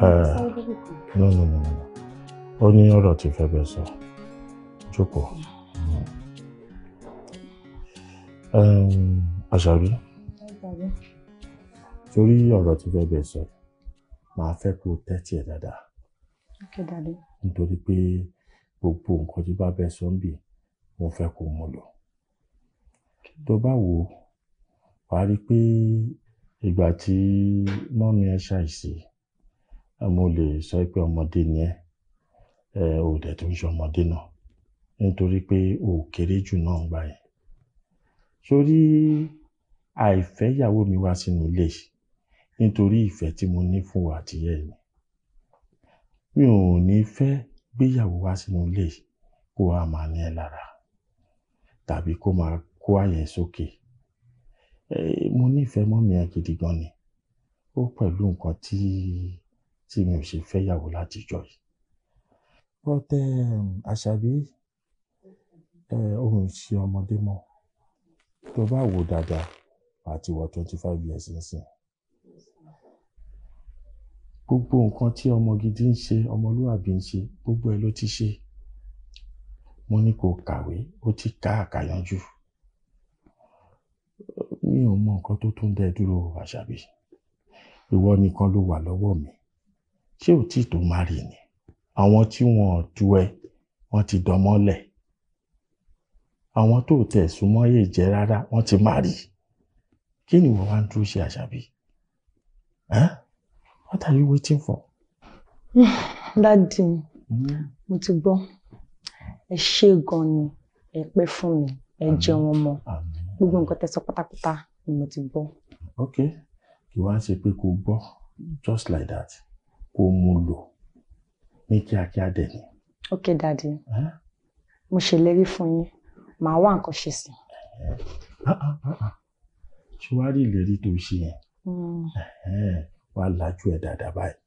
no no no no ó ní ọ̀rọ̀ tí fẹ́ bẹ́ẹ̀ sọ jókòó. àṣàbí torí ọ̀rọ̀ tí fẹ́ bẹ́ẹ̀ sọ màá fẹ́ kó tẹ́tí ẹ̀ dáadáa nítorí pé gbogbo nǹkan tí bá bẹ́ẹ̀ sọ ń bì mo fẹ́ kó mú lò tó bá wò ó wàá rí i pé ìgbà tí mọ́mí ẹ ṣàìsí mo lè sọ pé ọmọdé ni ẹ ò dẹ̀ tó ń ṣe ọmọdé náà nítorí pé o kéré jù náà gbà yẹn sórí àìfẹ́yàwó mi wá sínú ilé nítorí ìfẹ́ tí mo ní fún wa àtìyẹ́ mi mi ò ní fẹ́ gbéyàwó wá sínú ilé kó a máa ní ẹ lára tàbí kó máa kó àyẹ̀ sókè mo nífẹ̀ẹ́ mọ́mí ẹ gidi gan ni ó pẹ̀lú nǹkan tí. Tí tí mi ò ṣe fẹ́yàwó látijọ́ yìí. but um, àṣàbí eh, òun ṣe ọmọdé mọ́ tó bá wò dáadáa àti wọ twenty five years nsìn. gbogbo nǹkan tí ọmọ gidi ń ṣe ọmọlúwàbí ń ṣe gbogbo ẹ̀ ló ti ṣe mo ní kó kàwé ó ti ká àkàyànjú mi ò mọ nǹkan tó tún dẹ dúró àṣàbí ìwọ nìkan ló wà lọ́wọ́ mi ṣé ò tí tó má rí ni àwọn tí wọn ju ẹ wọn ti dọmọlẹ àwọn tó tẹ súnmọ́ yè jẹ rárá wọn ti má rí kí ni wọn wá ń dúró ṣe àṣàbí what are you waiting for. dádì hmm? mo ti gbọ́ ẹ ṣe gan ni ẹ pẹ́ fún mi ẹ jẹun mọ́ gbogbo nǹkan tẹ́ sọ pátápátá ni mo ti gbọ́. ok kí wàá ṣe pé kó gbọ́ just like that kó mu lò ní kíákíá dẹ̀ ni. ok dadi mo ṣèlérí fún yín màá wá nǹkan ṣe sí. ṣé wàá rí ìlérí tó ṣe yẹn hmm. wàá lajú ẹ̀ dáadáa báyìí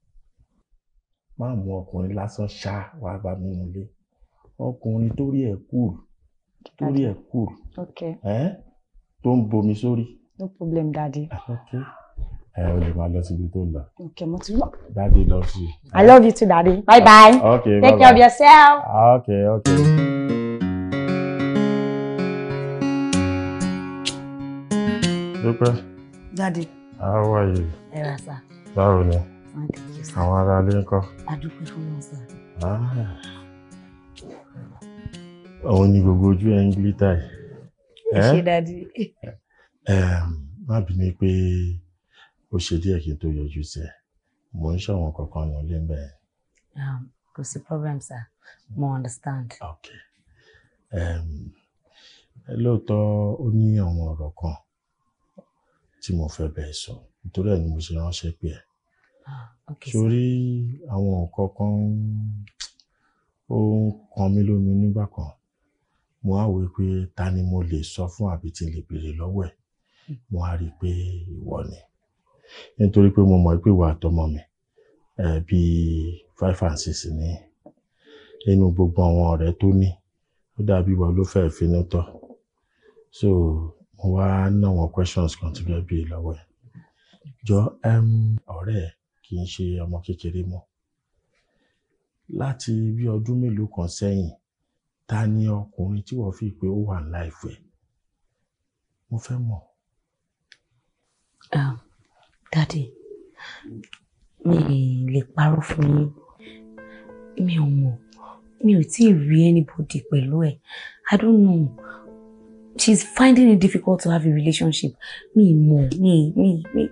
má mú ọkùnrin lásán ṣá wàá bá mi nílé ọkùnrin torí ẹ̀ kúrò torí ẹ̀ kúrò tó ń bomi sórí. no problem dadi. Ah, okay ẹ o lè máa tó lọ. okay mo ti lọ. daddy loves you. i love you too daddy bye bye. Ah, okay bye bye take care of yourself. Ah, okay okay. dúpẹ́. daddy. how are you. ẹ ra sá. báwo ni. Ah, àwọn ará ilé ń kọ́. adúpẹ́ fún wọn sá. òun ni gbogbo ojú ẹ ń glita yìí. ẹ ṣe eh? daddy. má bínú pé ó ṣe díẹ̀ kí n tó yọjú sí mo ń ṣàwọn kankan ní ilé mbẹ. Ah, kò sí problem sir mo understand. okay um, lóòótọ́ ó ní àwọn ọ̀rọ̀ kan tí mo fẹ́ bẹ̀ẹ́ sọ nítorí ẹ̀ ni mo ṣe ránṣẹ́ pé ẹ̀ ah, sórí àwọn nǹkan kan ó ń kan mí lómi nígbà kan mo á wí pé ta ni mo lè sọ fún àbí tí n lè béèrè lọ́wọ́ ẹ̀ hmm. mo á rí i pé ìwọ ni nítorí pé mo mọ̀ pé ìwà àtọmọ mi bí five and six ní inú gbogbo àwọn ọ̀rẹ́ tó ní ó dàbí ìwà ló fẹ́ẹ́ finú tọ́ so mo wá ná àwọn questions kan tí bẹ́ẹ̀ bí lọ́wọ́ ẹ̀ jọ ọ̀rẹ́ kì í ṣe ọmọ kékeré mọ́ láti bí ọdún mélòó kan sẹ́yìn ta ni ọkùnrin tí wọ́n fi pé ó wà láìfẹ́ mo fẹ́ mọ̀. Dádì, mi lè parọ́ fún yín. Mi ò mọ̀. Mi ò tíì rí anybody pẹ̀lú ẹ̀. I don't know. She's finding it difficult to have a relationship. Mi mọ̀, mi, mi, mi.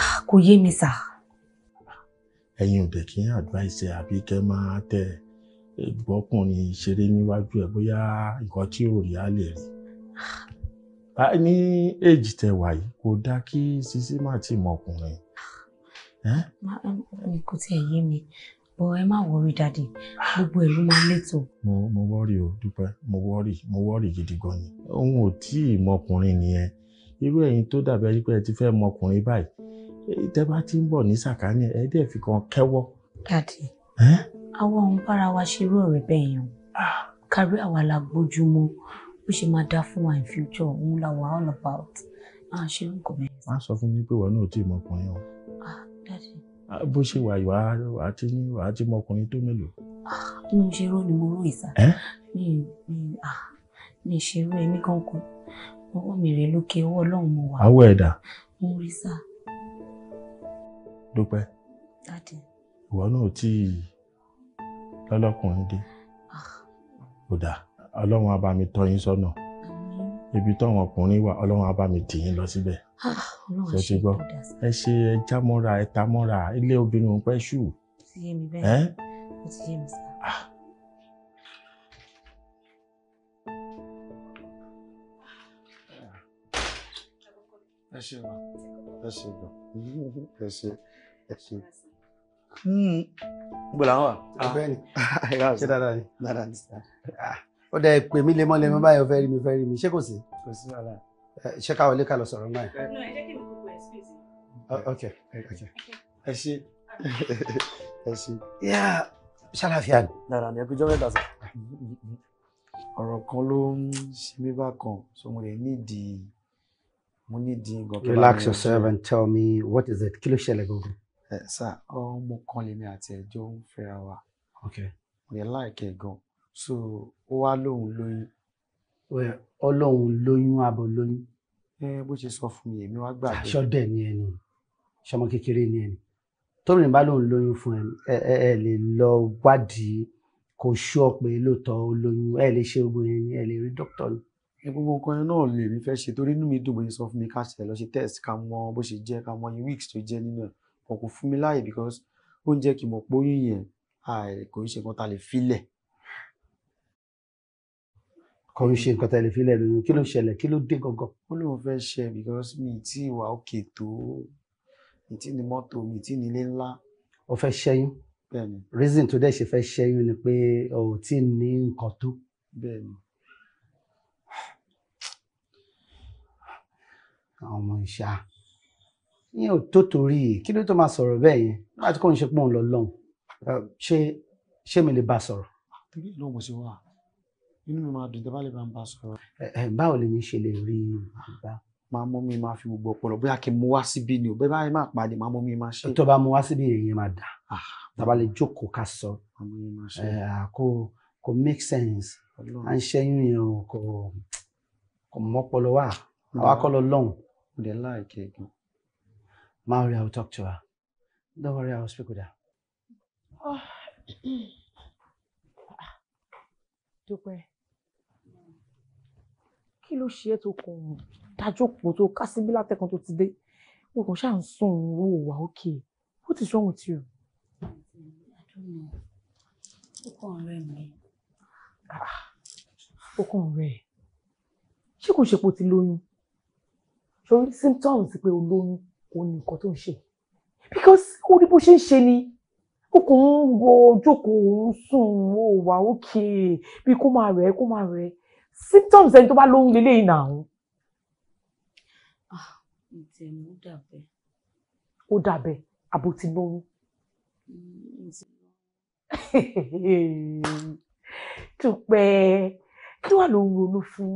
Ah, kò yé mi sà. Ẹ̀yin ò dẹ̀ kí ń advice àbí kẹ́ máa tẹ̀ gbọ́kùnrin ṣeré níwájú ẹ̀ bóyá nǹkan tí ò rí á lè rí. Ah, ní èjì tẹwà yìí kò dáa kí Sisi má ti mọ ọkùnrin. kò tiẹ̀ yé mi bọ ẹ má wọrí dáàdì gbogbo ìlú máa létò. mo mo wọrí o dúpẹ́ mo wọrí mo wọrí gidi gan ni òun ò tí ì mọkùnrin nìyẹn irú ẹ̀yin tó dàbẹ pé ẹ ti fẹ́ mọkùnrin báyìí tẹ́ bá ti ń bọ̀ ní sàkání ẹ dẹ̀ fi kan kẹ́wọ́. dáàdì àwọn ohun bára wa ṣerú ọ̀rẹ́ bẹ́ẹ̀ yẹn ah. kárí àwa la gbójú mọ́ bó ṣe máa dá fún wa in future òun la wà all about à ṣe ń kọ mẹ́rin. má sọ fún mi pé wàá náà tí ì mọkùnrin o. Ah, bó ṣe wà ìwà àti ní ìwà àti mọkùnrin tó mélòó. Ah, mi ò ṣe ró ni mo ró ìsà mi mi ah, ṣe ró èmi kankan ọwọ́ mi rè lókè ọwọ́ ọlọ́run mo wà. awọ ẹ̀dá. mo rí sà. dúpẹ́ ìwọ náà tí lọ́lọ́kùnrin dé. ó dáa ọlọ́run á bá mi tọ́ yín sọ́nà ibi táwọn ọkùnrin wà ọlọ́run á bá mi tì yín lọ síbẹ̀ ah, ṣe ti gbọ́ ẹ ṣe ẹ já mọ́ra ẹ ta mọ́ra ilé obìnrin òun pẹ́ ṣù. ẹ ti yé mi sá. Ah. ẹ ṣe ma ẹ ṣe gan ẹ ṣe ẹ ṣe. gbọ́dọ̀ hmm. àwọn wà. Ah. bẹ́ẹ̀ ni ṣe dáadáa ni dáadáa ni ó dẹ̀ pè mí lemọ́lemọ́ mm. báyọ̀ fẹ́ rí mi fẹ́ rí mi ṣé kò sí. kò sí ọ̀la. ṣé káwọn ilé ká lọ sọ̀rọ̀ náà. ok ok ẹ ṣe ẹ ṣe. ṣàlàfíà ni. dára ni ẹ kújọ sọ. ọ̀rọ̀ kan ló ń ṣe mí bákan so mo lè nídìí mo nídìí nǹkan mi. relax yourself and tell me what is it kí ló ṣẹlẹ̀ gbogbo. ẹ sá ọmọ kan lèmi àti ẹjọ ń fẹ́ra wa. ok. mo lè láìkẹ́ gan so ó wá lóun lóyún. ọlọ́run lóyún abo lóyún. ẹ bó ṣe sọ fún mi èmi wá gbà. sọdẹ ni ẹni sọmọ kékeré ni ẹni tóbìnrin bá lóun lóyún fún ẹ ẹ ẹ lè lọ wádìí kò ṣú ọ pé lóòótọ́ ó lóyún ẹ lè ṣe ogun yẹn ni ẹ lè rí dókítà ni. ẹ gbogbo nǹkan yẹn náà lè mi fẹ́ ṣe torí inú mi dùn bóyá sọ fún mi ká ṣe lọ ṣe test ká mọ bó ṣe jẹ́ ká mọ iye weeks tó jẹ́ nínú ẹ̀ kò kò fún mi láàyè because ó ń jẹ́ kí n mọ̀ pé oyún yẹn kò ń ṣe nǹkan tá lè filẹ̀ kò ń ṣe nǹkan tẹ́lẹ̀ fílẹ̀ lóyún kí ló ṣẹlẹ̀ kí ló dé gangan. ó lóun fẹ́ ṣe because mi tí ìwà òkè tó mi tí ní mọ́tò mi tí nílé ńlá. ó fẹ́ ṣẹ́yún. bẹ́ẹ̀ni. reason tó dẹ̀ ṣe fẹ́ ṣẹ́yún ni pé o ò tí ì ní nǹkan tó. bẹ́ẹ̀ni. àwọn ọmọ ìṣá yẹn ò tó torí kí ló tó máa sọ̀rọ̀ bẹ́ẹ̀ yẹn nígbà tí kò ń ṣe pé lọ lọ́hùn ṣé ṣé mi lè bá sọ̀rọ̀. torí ìlú òun ṣe wà inú mi máa dùn tẹ́ bá lè bá ń bá sọ̀rọ̀. báwo lè mi ṣe lè rí bàbá. máa mú mi máa fi gbogbo ọpọlọ bóyá kí n mú wá síbí ni o bẹ́ẹ̀ báyìí máa pàdé máa mú mi máa ṣe. tó bá mú wá síbí yẹn máa dà ah. tàbá lè jókòó ká sọ kò kò make sense à ń ṣẹ́yún yẹn o kò kò mọ́pọlọ wà àwa kọ́ lọ lọ́hùn. mo dẹ̀ láìké gan. Maori, I will talk to her. Don't worry, I will speak with her. Oh. kí ló ṣe é tó kàn dájókòó tó kásíbí látẹ̀kan tó ti dé o kàn ṣáà ń sùn owó wà ókè what is wrong with you. ó kàn rẹ̀ ó kàn rẹ̀ ṣé kò ṣe pé ti lóyún ṣòro symptoms pé o lóyún kò ní nǹkan tó ń ṣe because ó ní bó ṣe ń ṣe ni ó kàn ń wo ojókòó ń sùn ó wà ókè bí kó máa rẹ̀ kó máa rẹ̀ symptoms ẹni tó bá lóyún lélẹ́yìn náà àwọn. ìtẹ̀mú dàbẹ̀. ó dàbẹ̀ àbò ti lóyún. Mm, dúpẹ́ kí wàá ló ń ronú fún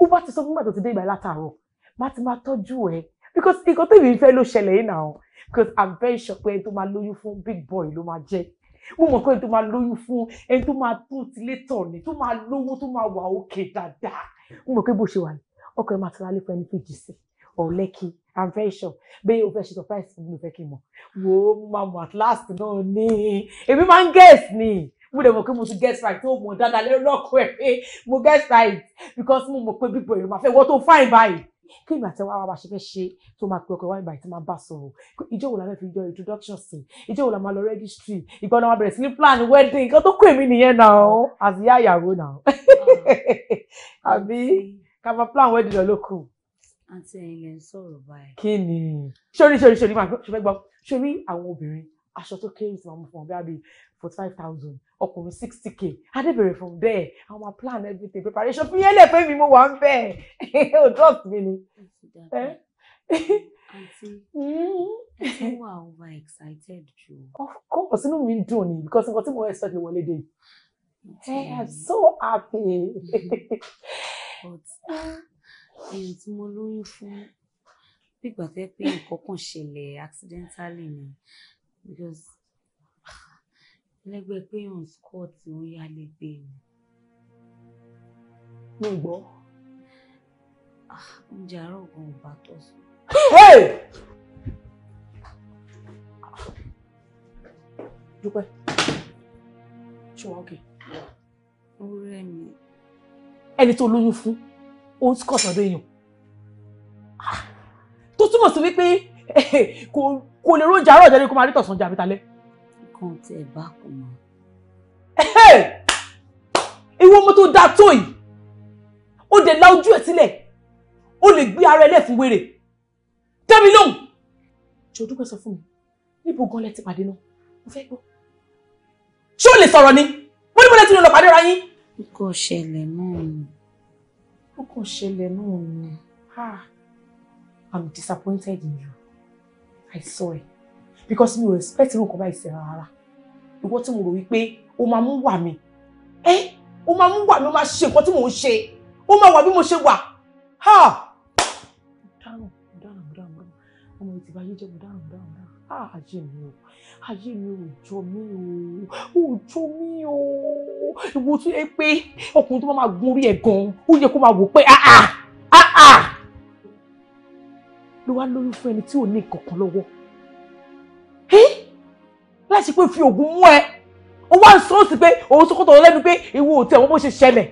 ó bá ti sọ fún gbàtọ́ ti dé ìgbà látàárọ̀ má ti máa tọ́jú ẹ because nǹkan tèmi fẹ́ ló ṣẹlẹ̀ yìí náà because i'm very sure pé ẹni tó máa lóyún fún big boy ló máa jẹ́ mo mọ̀ pé ẹni tó máa lóyún fún ẹni tó máa tún tilé tàn ní tó máa lówó tó máa wà òkè dáadáa mo mọ̀ pé bó ṣe wà ní ọkọ ẹ máa tẹ̀lé alẹ́ fún ẹni kejì sí ọ̀lẹ́kì i'm very sure bẹ́ẹ̀ o fẹ́ ṣe surprise mi ló fẹ́ kí n mọ̀ wo máa mọ̀ at last náà ni èmi máa ń guess ni mo dẹ̀ mọ̀ pé mo ti guess right tó mọ̀ dáadáa lẹ́rọ̀ lọ́kọ̀ ẹ̀ pé mo guess right because mo mọ̀ pé bíbọ̀ èrò máa fẹ́ wọ́n tó fine báyìí kéèmì àti wàá wàá ṣe fẹ́ ṣe tó máa pe ọkọ̀ wáyé báyìí tó máa bá sọ̀rọ̀ ìjọ wo la fẹ́ fi jọ introduction sí ìjọ wo la máa lọ registry ìgbà wo máa bẹ̀rẹ̀ sí ní plan wedding nǹkan tó kù èmi nìyẹn náà àti yá ìyàwó náà àbí ká máa plan wedding lọ lókù. àǹtí ẹ̀yin lè ń báyìí. kí ni sórí sórí sórí máa ṣe fẹ́ gbọ́ sórí àwọn obìnrin aṣọ tó kéré tí màá mú fún ọ bíi forty five thousand ọkùnrin sixty k adébẹ̀rẹ̀ from there àwọn máa plan everything preparation fi yẹn lè pé mi mo wà ń bẹ̀ ò trust mi ni. over excited jù. of course inú mi ń dùn ni because nǹkan tí mo expect ni wọlé dé I am so happy. but èyí tí mo lóyún fún bí gbàgbé pé nǹkan kan ṣẹlẹ̀ accidentally ni because ẹlẹgbẹ́ péyàn scott ń yálé gbé e. mi. mo gbọ́. Ah, oúnjẹ àárọ̀ gan ò bá tọ̀ sùn. dúpẹ́ ṣé wọ́n kì í. ó rẹ̀ mí. ẹni tó lóyún fún old scott ọdún èèyàn ah, tó túmọ̀ sí wípé kò kò lè róúnjẹ àárọ̀ jẹ́rí kó máa rí tọ̀sán jẹ àbítalẹ́. nǹkan tí ẹ bá kù mọ. ìwọ ọmọ tó dáa tó yìí ó dẹ̀ la ojú ẹ̀ sílẹ̀ ó lè gbé ara ẹlẹ́ fún wèrè tẹ́mi lóhùn. jọ dúpẹ́ sọ fún mi níbo gan lẹ ti pàdé náà mo fẹ́ gbọ́. ṣé o lè sọ̀rọ̀ ni wọ́n ní mo ti lọ pàdé ra yín. ó kàn ṣẹlẹ̀ náà ni ó kàn ṣẹlẹ̀ náà ni ah! I'm disappointed in you. I saw it because mi ò respect irú nǹkan báyìí sí rárá ìwọ tí mo rò wípé o máa mú wà mí ẹ o máa mú wà mí o máa ṣe nǹkan tí mò ń ṣe o máa wà bí mo ṣe wà ha. dáhùn dáhùn dáhùn ọmọ ìtì bá yé jẹ́ mo dáhùn dáhùn dáhùn ààyè mi o ààyè mi ò jọ mí o ò jọ mí o ìwọ tún yẹ pé ọkùnrin tó máa gun orí ẹ̀ gan-an ó yẹ kó máa wò pé ah ah ló wá lóyún fún ẹni tí ò ní nǹkan kan lọ́wọ́ láì ṣe pé fi oògùn mú ẹ ó wá ń sọ ó sì pé òun tó kọ́tọ̀ lẹ́nu pé ìwọ ò tẹ̀ wọ́n bó ṣe ṣẹlẹ̀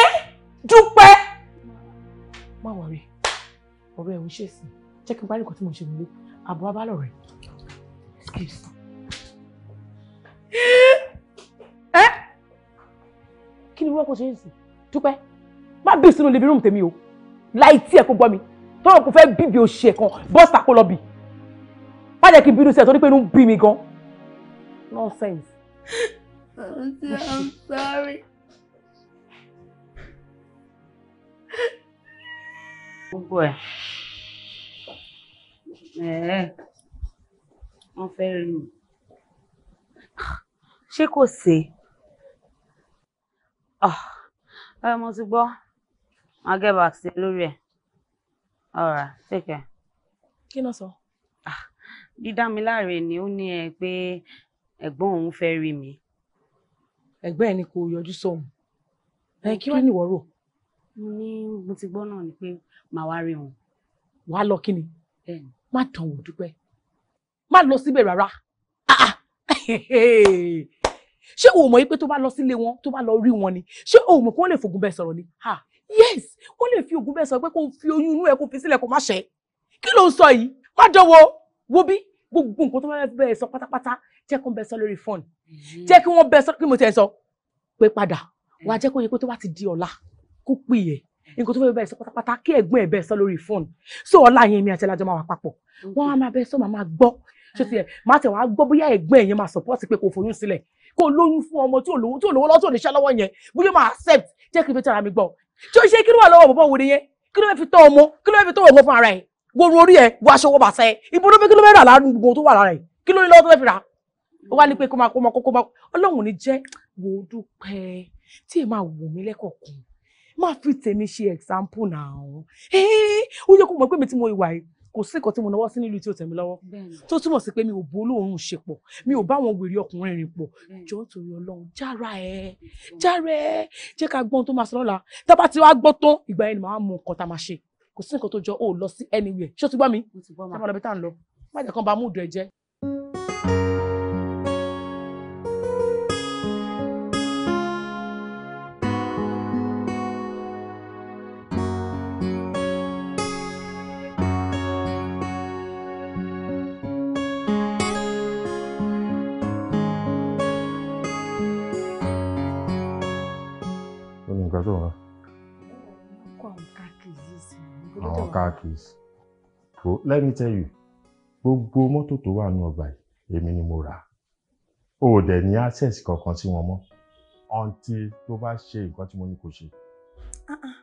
ẹ dúpẹ́. má wọrí ọ̀rọ̀ ẹ̀ ń ṣe sí jẹ́ kí n parí nǹkan tí mo ṣe nílé àbúrò abálọ̀ rẹ̀ excuse. ẹ kí ni wọ́n kò ṣe é sí dúpẹ́ má bí e sínú libi rúùmù tèmi o láì tí ẹ kó gbọ́ mi tọ́rọ̀ kò fẹ́ bíbi òṣìṣẹ́ kan bọ́sà kó lọ bì má jẹ́ kí bínú sí ẹ̀ tó pé inú ń bí mi gan nonsense. Auntie, I'm sorry. gbogbo ẹ̀ ẹ̀ẹ́ wọ́n fẹ́ rí mi ṣé kò sí ah, ẹ mo ti gbọ́ I'll get back sí lórí ẹ̀ all right take care. kí ló sọ. Ah, dídá mi láre ni ó ní ẹ pé ẹ̀gbọ́n òun fẹ́ rí mi. ẹ̀gbọ́n ẹ̀ ni kò yọjú sóun ẹ kí wàá nìwọ rò. mo ní mo ti gbọ́ náà ni pé màá wá rí òun. wàá lọ kí ni má tàn wò dúpẹ́ má lọ síbẹ̀ rárá ah, ah. ṣé o mọ̀ pé tó bá lọ sílé wọn tó bá lọ rí wọn ni ṣé o mọ̀ pé wọ́n lè fògùn bẹ́ẹ̀ sọ̀rọ̀ ni yes ó lè fi ògùn bẹ́ẹ̀ sọ pé kó fi oyún inú ẹ kó fi sílẹ̀ kó má ṣẹ́ kí ló ń sọ yìí má dánwò wo bí gbogbo nǹkan tó bá bẹ́ẹ̀ sọ pátápátá jẹ́ kó ń bẹ sọ lórí fọ́ọ̀nù mm-hmm. jẹ́ kí wọ́n bẹ sọ kí mo tẹ̀ sọ pé padà wàá jẹ́ kó yẹ kó tó bá ti di ọ̀la kó pè yẹ nǹkan tó fẹ́ bẹ́ẹ̀ sọ pátápátá kí ẹ̀gbọ́n ẹ̀ bẹ́ẹ̀ sọ lórí fóònù so ọ̀la yẹn mi àti ẹlájọ́ máa wà papọ̀ wọ́n á máa bẹ́ẹ̀ sọ màmá gbọ́ ṣé ti ẹ̀ máa tẹ̀ wá gbọ́ bóyá ẹ̀gbọ́n ẹ̀ yẹn máa support pé kò fòyún sílẹ̀ kó lóyún fún ọmọ tí ò lówó tí ò lówó lọ́tò níṣẹ́ lọ́wọ́ yẹn bóyá máa accept jẹ́ kí n fi tẹ̀ra mi gbọ́ tí ó ṣe kí ló wà lọ́wọ́ bọ̀bọ̀ wòde yẹn kí ló fẹ́ fi tọ́ ọmọ kí ló fẹ́ fi tọ́ ọmọ fún ara ẹ̀ gbòòrò orí ẹ̀ wọ aṣọ wọ bàtà ẹ̀ ibo ló fẹ́ kí ló fẹ́ rà ládùúgbò tó wà lára ẹ̀ kí ló ní lọ́wọ́ tó fẹ́ fi rà ó wá ní pé kó máa kó máa kókó máa ọlọ́run ní jẹ́ wò ó dúpẹ́ tí ẹ máa wò mí lẹ́kọ̀ọ̀kan máa fi tèmi ṣe example náà ó yẹ kó mọ̀ pé mi tí mo ìwà yìí kò sí nǹkan tí mo náwó sí nílùú tí ò tẹ̀mí lọ́wọ́ tó túmọ̀ sí pé mi ò bó olóòórùn ṣe pọ̀ mi ò bá àwọn wèrè ọkùnrin rìn pọ̀ jọ nítorí ọlọ́run jára ẹ jára ẹ jẹ́ ká gbọ́n tó máa sọ lọ́la tá bá ti wá gbọ́ tán ìgbà yẹn ni màá mọ nǹkan tá máa ṣe kò sí tó jọ ó lọ sí anywhere ṣó ti gbọ́ mi tá máa lọ bí tá à ń lọ má jẹ́ car keys. So let me tell you, gbogbo mọ́tò tó wà ní ọgbà yìí, èmi ni mo rà. O ò dẹ̀ ní access kankan sí wọn mọ́ until tó bá ṣe nǹkan tí mo ní kó ṣe. Ah, ah.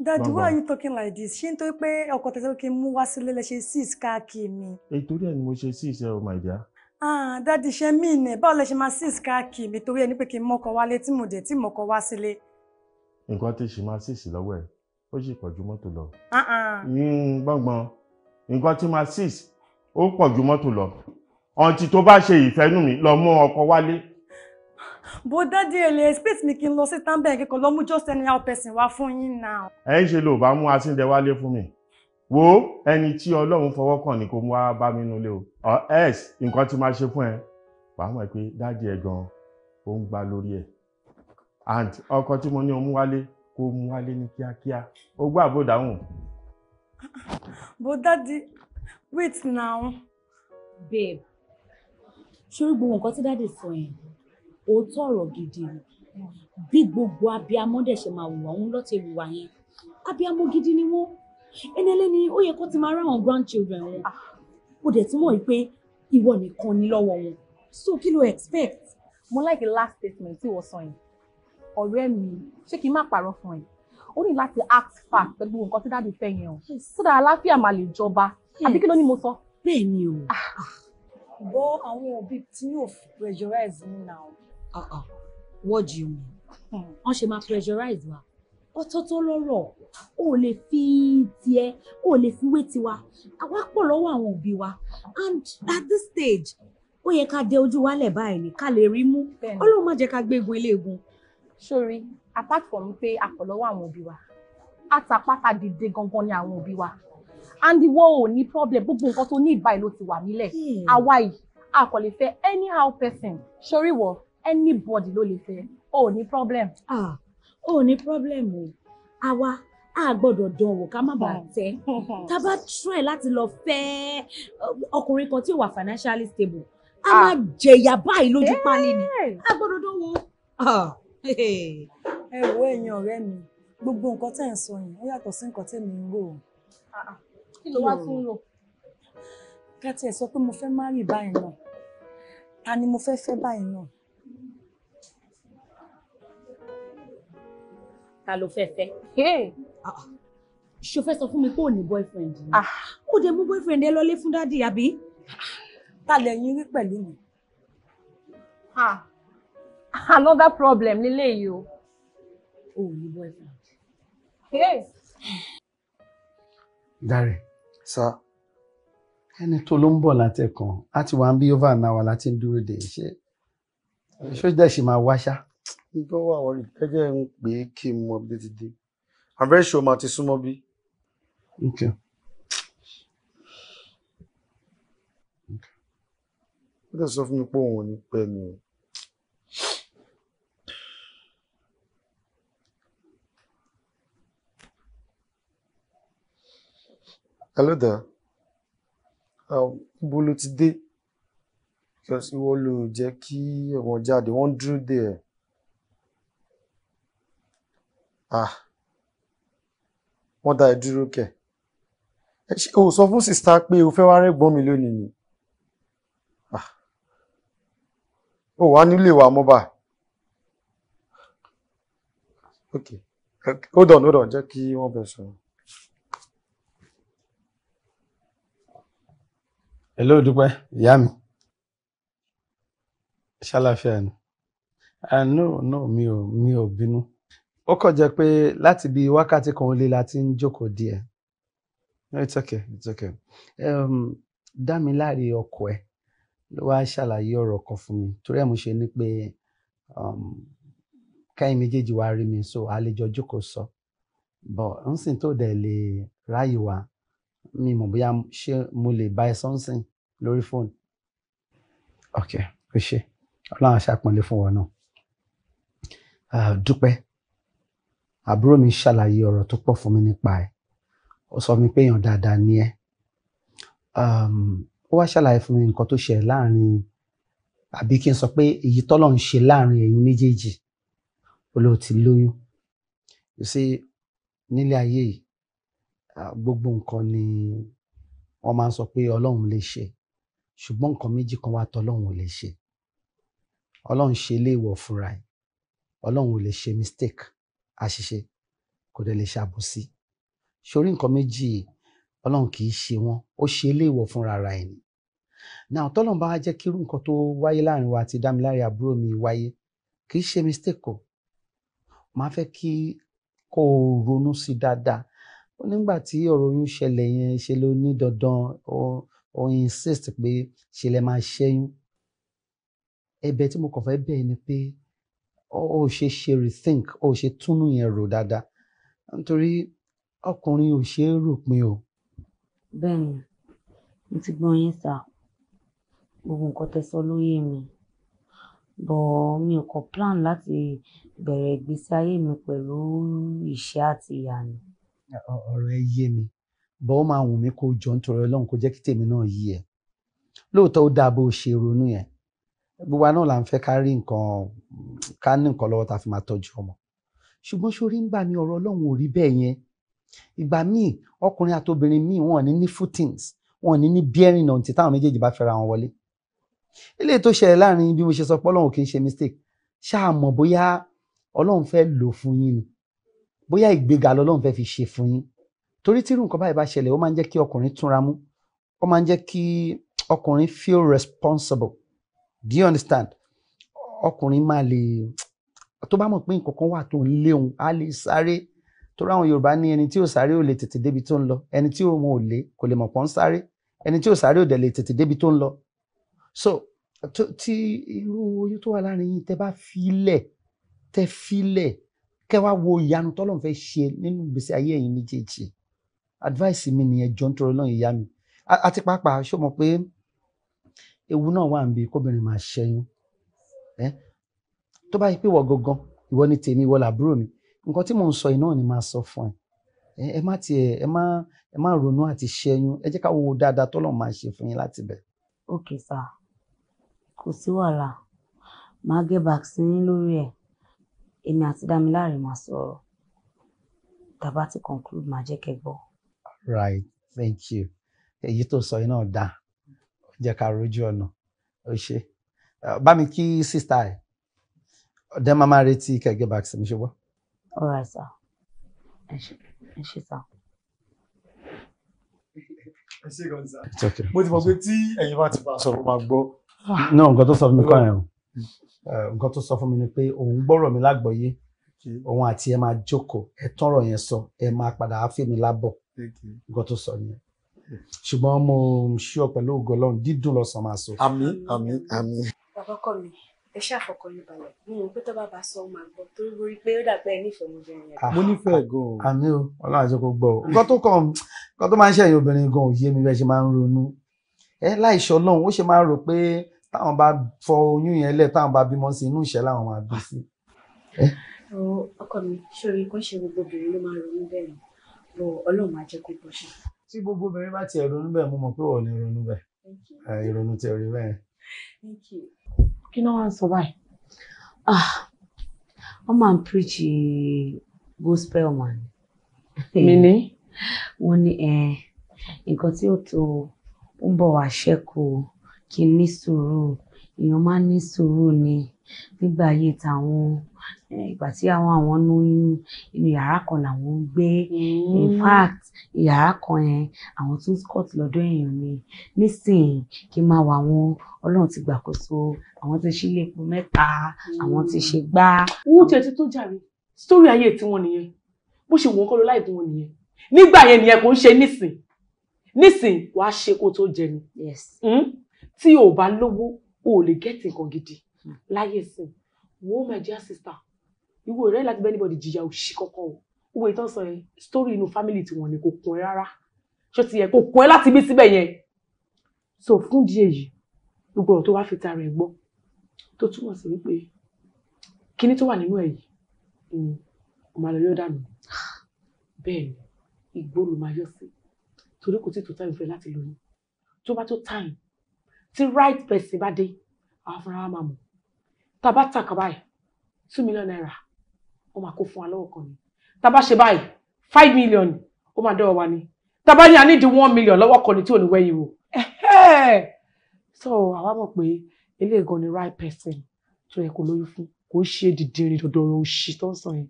Dadi, why are you talking like this? Ṣé nítorí pé ọkọ̀ tẹ̀sán kí n mú wá sílé lẹ ṣe six káàkiri mi? Ètòrí ẹ̀ ni mo ṣe six ẹ̀ o, oh my dear. Ah, dadi ṣe mí nẹ̀, báwo lẹ ṣe máa six káàkiri mi torí ẹ ní pé kí n mọ́kọ wálé tí mo dẹ̀ tí mọ́kọ wá sílé. Nǹkan tí ṣe máa six lọ́wọ́ ẹ̀ ó sì pọ̀ ju mọ́tò lọ. Hmm, gbọ̀ngbọ̀n nǹkan tí máa six ó pọ̀ ju mọ́tò lọ ọ̀ǹtì tó bá ṣe ìfẹ́nu mi lọ mú ọkọ wálé. bó dádì èlé space mi kí n lọ sí tambẹ̀ kíkọ lọ mú just any how person wá fún yín náà. ẹ ń ṣe ló bá mú asíndẹ wálé fún mi wo ẹni tí ọlọ́run fọwọ́ kàn ní kó mú wá bá mi nulẹ̀ o ẹ́s nǹkan tí máa ṣe fún ẹ wàá mọ̀ pé dádì ẹ gan ó ń gbá lórí ẹ̀ and ọkọ tí mo ní o mú wálé kó mú wálé ní kíákíá ó gbọ́ àbò dáhùn. but daddy wait now. babe ṣé o gbogbo nǹkan tí dáàdì sọ yẹn òótọ́ ọ̀rọ̀ gidi ni bí gbogbo abiyamọ dẹ̀ ṣe máa wùwà òun lọ́ọ́ ti wùwà yẹn abiyamọ gidi ni wọ́n enele ni ó yẹ kó ti máa ráwọn grandchildren wọn ó dẹ̀ tún mọ̀ pé ìwọ nìkan ni lọ́wọ́ wọn so kí ló expect. mo like the last statement tí wọ́n sọ yẹn ọ̀rẹ́ mi ṣé kí n má pààrọ̀ fún ẹ ó ní láti act fact pẹ̀lú nǹkan tí dáàbì fẹ́ yẹn o sódà àlàáfíà máa lè jọba hmm. àbí kí ló ní mo sọ. bẹ́ẹ̀ ni o. Ah. bọ́ àwọn òbí tí yóò pressurize me now. Ah, ah. what do you mean? Hmm. wọ́n ṣe máa pressurize wa ọ̀tọ̀ọ̀tọ̀ lọ́rọ̀ o ò lè fi tiẹ̀ o ò lè fi wé tiwa àwa pọ̀ lọ́wọ́ àwọn òbí wa and at this stage ó yẹ ká dé ojú wálẹ̀ báyìí ni ká lè rí mú ọlọ́run má jẹ́ ká gbégun eléegun Sorry, apart from pé akọ̀lọ́wọ́ àwọn òbí wa àtàpátá dìde gangan ni àwọn òbí wa and the ò ní problem gbogbo nǹkan tó ní ìbáyìí ló ti wà nílẹ̀ hmm. àwa yìí a kò lè fẹ́ anyhow person Sorry, wọ anybody ló lè fẹ́ o ní problem. ah o ò ní problem o àwa a gbọ́dọ̀ dán wò ká má bàa hmm. tẹ́ tá a bá try láti lọ fẹ́ uh, ọkùnrin kan tí ò wà financially stable a ah. máa jẹ̀yà báyìí lójú pálí ni a gbọ́dọ̀ dán wò. ẹ wo ẹ̀yin ọ̀rẹ́ mi gbogbo nǹkan tẹ́ ń sọ yẹn ó yàtọ̀ sí nǹkan tẹ́mi ń rò. Ah, ah. kí ló wá tún rò. ká tiẹ̀ sọ pé mo fẹ́ má rì báyìí náà ta ni mo fẹ́ fẹ́ báyìí náà. ta ló fẹ́ fẹ́. Ah, ṣo fẹ́ sọ fún mi pé ò ní boyfriend ni. ó dé mú boyfriend ẹ lọlé fún dádì àbí. ta lẹ̀yin rí pẹ̀lú mi. another problem lélẹ́yìí o. Oh, ò ní boyfriend. Dare. Sá. Ẹni tó ló ń bọ̀ látẹ̀kàn, á ti wà ń bí over an hour láti ń dúró de ṣe. Ṣójà ṣì máa wáṣá. Ìgbọ́ wà wọ̀rí, ẹjẹ́ ń pè é kí n mọ bí ti dé. Àbẹ́ṣe o máa ti súnmọ́ bí. Okay. Ó dẹ̀ sọ fún mi pé òun ò ní pẹ́ mi o. ẹlẹ́dàá um, ibo lo ti dé because ìwọ ló jẹ́ kí àwọn jáde wọ́n dúró dè ẹ́ ah wọ́n dá ẹ dúró kẹ̀ ẹ ṣe o sọ fún sista pé o fẹ́ wá rẹ́gbọ́n mi lónìí ni ah o wà nílé wa mọ́ báyìí okay hold on hold on jẹ́ kí wọ́n bẹ̀ sọ̀rọ̀. hello dúpẹ́ ìyá mi ṣàlàfíà ni ah no no mi ò mi ò bínú ó kàn jẹ́ pé láti bí wákàtí kan lé la ti ń jókòó díẹ̀ no it's okay it's okay um, dámiláre ọkọ ẹ ló wá ṣàlàyé ọ̀rọ̀ kan fún mi torí ẹ̀ mo ṣe ni pé um, káyìn méjèèjì wá rí mi so àlejò jókòó sọ but n sìn tó dẹ̀ lè ráyè wá mi mọ̀ bóyá ṣé mo lè bá ẹ sọ́nsìn lórí fóònù. ok ó ṣe ọlọ́run aṣàpọ̀nlé fún wa náà dúpẹ́ àbúrò mi ṣàlàyé ọ̀rọ̀ tó pọ̀ fún mi nípa ẹ̀ ó sọ mi pé èèyàn dáadáa ni ẹ́ ó wá ṣàlàyé fún mi nǹkan tó ṣẹlẹ̀ láàrin àbí kí n sọ pé èyí tọ́lọ̀ ń ṣe láàrin ẹ̀yin méjèèjì olóò ti lóyún you see nílé ayé yìí gbogbo nǹkan ni wọ́n máa ń sọ pé ọlọ́run lè ṣe ṣùgbọ́n nǹkan méjì kan wà tọ́lọ́run ò lè ṣe ọlọ́run ṣe léèwọ̀ fúnra ẹ̀ ọlọ́run ò lè ṣe mistake àṣìṣe kò dẹ̀ lè ṣàbòsí sórí nǹkan méjì ọlọ́run kì í ṣe wọn ó ṣe léèwọ̀ fúnra ara ẹ̀ ni náà tọ́lọ́run bá jẹ́ kí irú nǹkan tó wáyé láàrin wa àti dámiláre àbúrò mi wáyé kì í ṣe mistake o máa fẹ́ kí kó o ronú sí dáadáa nígbà tí ọ̀rọ̀ oyún ṣẹlẹ̀ yẹn ṣe ló ní dandan ó insist pé ṣe lè máa ṣẹ́yún ẹ̀bẹ̀ tí mo kàn fẹ́ bẹ̀ ni pé ó ṣe ṣe rethink ó ṣe túnú yẹn rò dáadáa nítorí ọkùnrin ò ṣe é rò pin o. bẹ́ẹ̀ni mo ti gbọ́ yín sá gbogbo nǹkan tẹ́ sọ ló yé mi bọ̀ mi ò kàn plan láti bẹ̀rẹ̀ ìgbésí ayé mi pẹ̀lú ìṣẹ́ àti ìyà ni. ẹ yé mi bọ́ ó máa wù mí kó jọ nítorí ọlọ́run kó jẹ́ kí tèmi náà yí ẹ lóòótọ́ ó dáa bó o ṣe ronú yẹn gbogbo àná là ń fẹ́ ká rí nǹkan ká ní nǹkan lọ́wọ́ tá a fi máa tọ́jú ọmọ ṣùgbọ́n sórí ń gbà mí ọ̀rọ̀ ọlọ́run ò rí bẹ́ẹ̀ yẹn ìgbà míì ọkùnrin àtobìnrin míì wọn ní ní footings wọn ní ní bearing náà tí táwọn méjèèjì bá fẹ́ra wọn wọlé eléyìí tó ṣẹlẹ̀ láàrin bí mo ṣe sọ pé ọlọ́run kì í ṣe mistake ṣáà mọ̀ bóyá ọlọ́run fẹ́ lò fún yín ni bóyá ìgbéga lọ́lọ́run fẹ́ fi ṣe fún yín torí tí irú nǹkan báyìí bá ṣẹlẹ̀ ó máa ń jẹ́ kí ọkùnrin túnra mú ó máa ń jẹ́ kí ọkùnrin feel responsible do you understand ọkùnrin máa lè tó bá mọ̀ pé nǹkan kan wà tó ń léun á lè sáré torí àwọn Yorùbá ní ẹni tí ò sáré ò lè tètè débi tó ń lọ ẹni tí òun ò lè kò lè mọ̀ pọ́n sáré ẹni tí ò sáré ò dẹ̀ lè tètè débi tó ń lọ so tí irú oyún tó wà láàrin yìí tẹ bá filẹ̀ tẹ filẹ̀ kẹ wá wo ìyanu tọ́lọ́run fẹ́ ṣe nínú ìgbésí ayé ẹ̀yin méjèèjì advice mi nìyẹn jọ nítorí náà ìyá mi àti pàápàá ṣó mọ̀ pé ewu náà wà níbi kóbìnrin máa ṣẹ́yún ẹ tó bá yẹ pé wọ gangan ìwọ ni tèmi ìwọ làbúrò mi nǹkan tí mò ń sọ yìí náà ni màá sọ fún ẹ ẹ má tiẹ̀ ẹ má ẹ má ronú àti ṣẹ́yún ẹ jẹ́ ká wo dáadáa tọ́lọ̀ máa ṣe fún yín láti bẹ̀. ok sá kò sí wàhálà màá gé back sí yín lórí ẹ èmi àti Dámiláre máa sọ̀rọ̀ tàbá ti conclude màá jẹ́ kẹ́ right thank you èyí tó sọ iná dà ó jẹ́ ká rojú ọ̀nà ó ṣe bá mi kí sísá ẹ̀ ọ̀dẹ́ máa máa retí kẹ̀gẹ́ bá sí mi ṣe wọ́. ọ̀rọ̀ àṣà ẹ ṣe sá. ẹ ṣe gan sa mo ti mọ̀ pé tí ẹ̀yin bá ti bá a sọ̀rọ̀ máa gbọ́. náà nǹkan tó sọ fún mi kọ́ ẹ̀ o nǹkan tó sọ fún mi ni pé òun gbọ́rọ̀ mi lágbọ̀ọ́yé òun àti ẹ máa jókòó ẹ tọrọ yẹn sọ ẹ máa padà á fèmí lábọ̀ nǹkan tó sọ nìyẹn ṣùgbọ́n mo ṣí ọ pẹ̀lú ògo Ọlọ́run dídùn lọ́sàn-án máa sọ. àmín àmín àmín. bàbá ọkọ mi ẹ ṣàfọkàn yín balẹ̀ mo mọ̀ pé tó bá bá sọ ọmọ àgbọ̀ tó rí pé ó dàgbẹ́ nífẹ̀ẹ́ ọmọbìnrin yẹn. Ah, mo nífẹ̀ẹ́ gan-an. Ah, àmín o Ọlọ́run àti ọkọ gbọ́ o nǹkan tó kàn nǹkan tó máa ń ṣẹ̀yìn obìnrin gan-an òye mi bẹ́ẹ̀ ṣe máa ń ronú ẹ láìṣọ Ọlọ́run ó ṣe máa ń rò pé táwọn bá fọ oyún yẹn lẹ̀ táwọn bá bímọ sí inú ìṣẹ́ làwọn máa bí sí. ọkọ mi ṣòro kan ṣe gbogbo obìnrin ló máa ronú bẹ́ẹ̀ bọ Ọlọ́run á jẹ́ kó bọ́ ṣe. tí gbogbo obìnrin bá tiẹ̀ ronú bẹ́ẹ̀ mo mọ̀ pé wọ́n lè ronú bẹ́ẹ̀ ìrònú tiẹ̀ rí bẹ́ẹ̀. kí ló wá ń sọ báyìí ah, wọ́n máa ń píríṣì gospel man. mi ni. wọ́n ní nǹkan tí ó tó ń bọ̀ wá ṣẹ́kù kí n ní sùúrù èèyàn máa ń ní sùúrù ni nígbà ayé tàwọn Eh, ìgbà tí àwọn àwọn nu inú yàrá kan làwọn ń gbé mm. in fact yàrá kan yẹn àwọn tún scott lọ́dọ̀ èèyàn mi nísìnyí kí n máa wà wọn ọlọ́run ti gbàkóso àwọn ti sílé epo mẹ́ta àwọn ti ṣe gbá. owó tí ẹ ti tó jàre sítórí ayé tiwọn nìyẹn bó ṣe wọ́n kọ́ ló láì tiwọn nìyẹn nígbà yẹn nìyẹn kò ń ṣe nísìn nísìn wàá ṣe kó tó jẹ ni hmm? tí o bá lówó o ò lè gẹ́tì nǹkan gidi hmm. láyé sìn wo my dear sister you go láti like anybody jìyà òṣì kankan o owó ìtàn sọ yẹn story inú family tiwọn ni kò kún ẹ rárá ṣó ti yẹ kò kún ẹ láti bí síbẹ̀ so fún díẹ̀ yìí gbogbo to wa wá fi tara ẹ̀ gbọ́ tó túmọ̀ sí wípé kíní tó wà nínú ẹ̀ yìí ó máa lọ yọ dànù bẹ́ẹ̀ ni igbó ló máa yọ sí torí kò tí tó time fẹ́ láti lóyún tó bá to time ti right person bá dé àwọn afárá tàbá tàkà báyìí two million naira ó máa kó fún wa lọ́wọ́ kan ni tàbá ṣe báyìí five million ó máa dọ́wọ́ wa ni tàbá ní àníìdí one million lọ́wọ́ kan ni tí ò ní wẹ́yìn o so àwa mọ̀ pé eléyìí gan ni right person tó yẹ kó lóyún fún kò ń ṣe dìdìrì dòdòrò òṣì tó ń sàn yẹn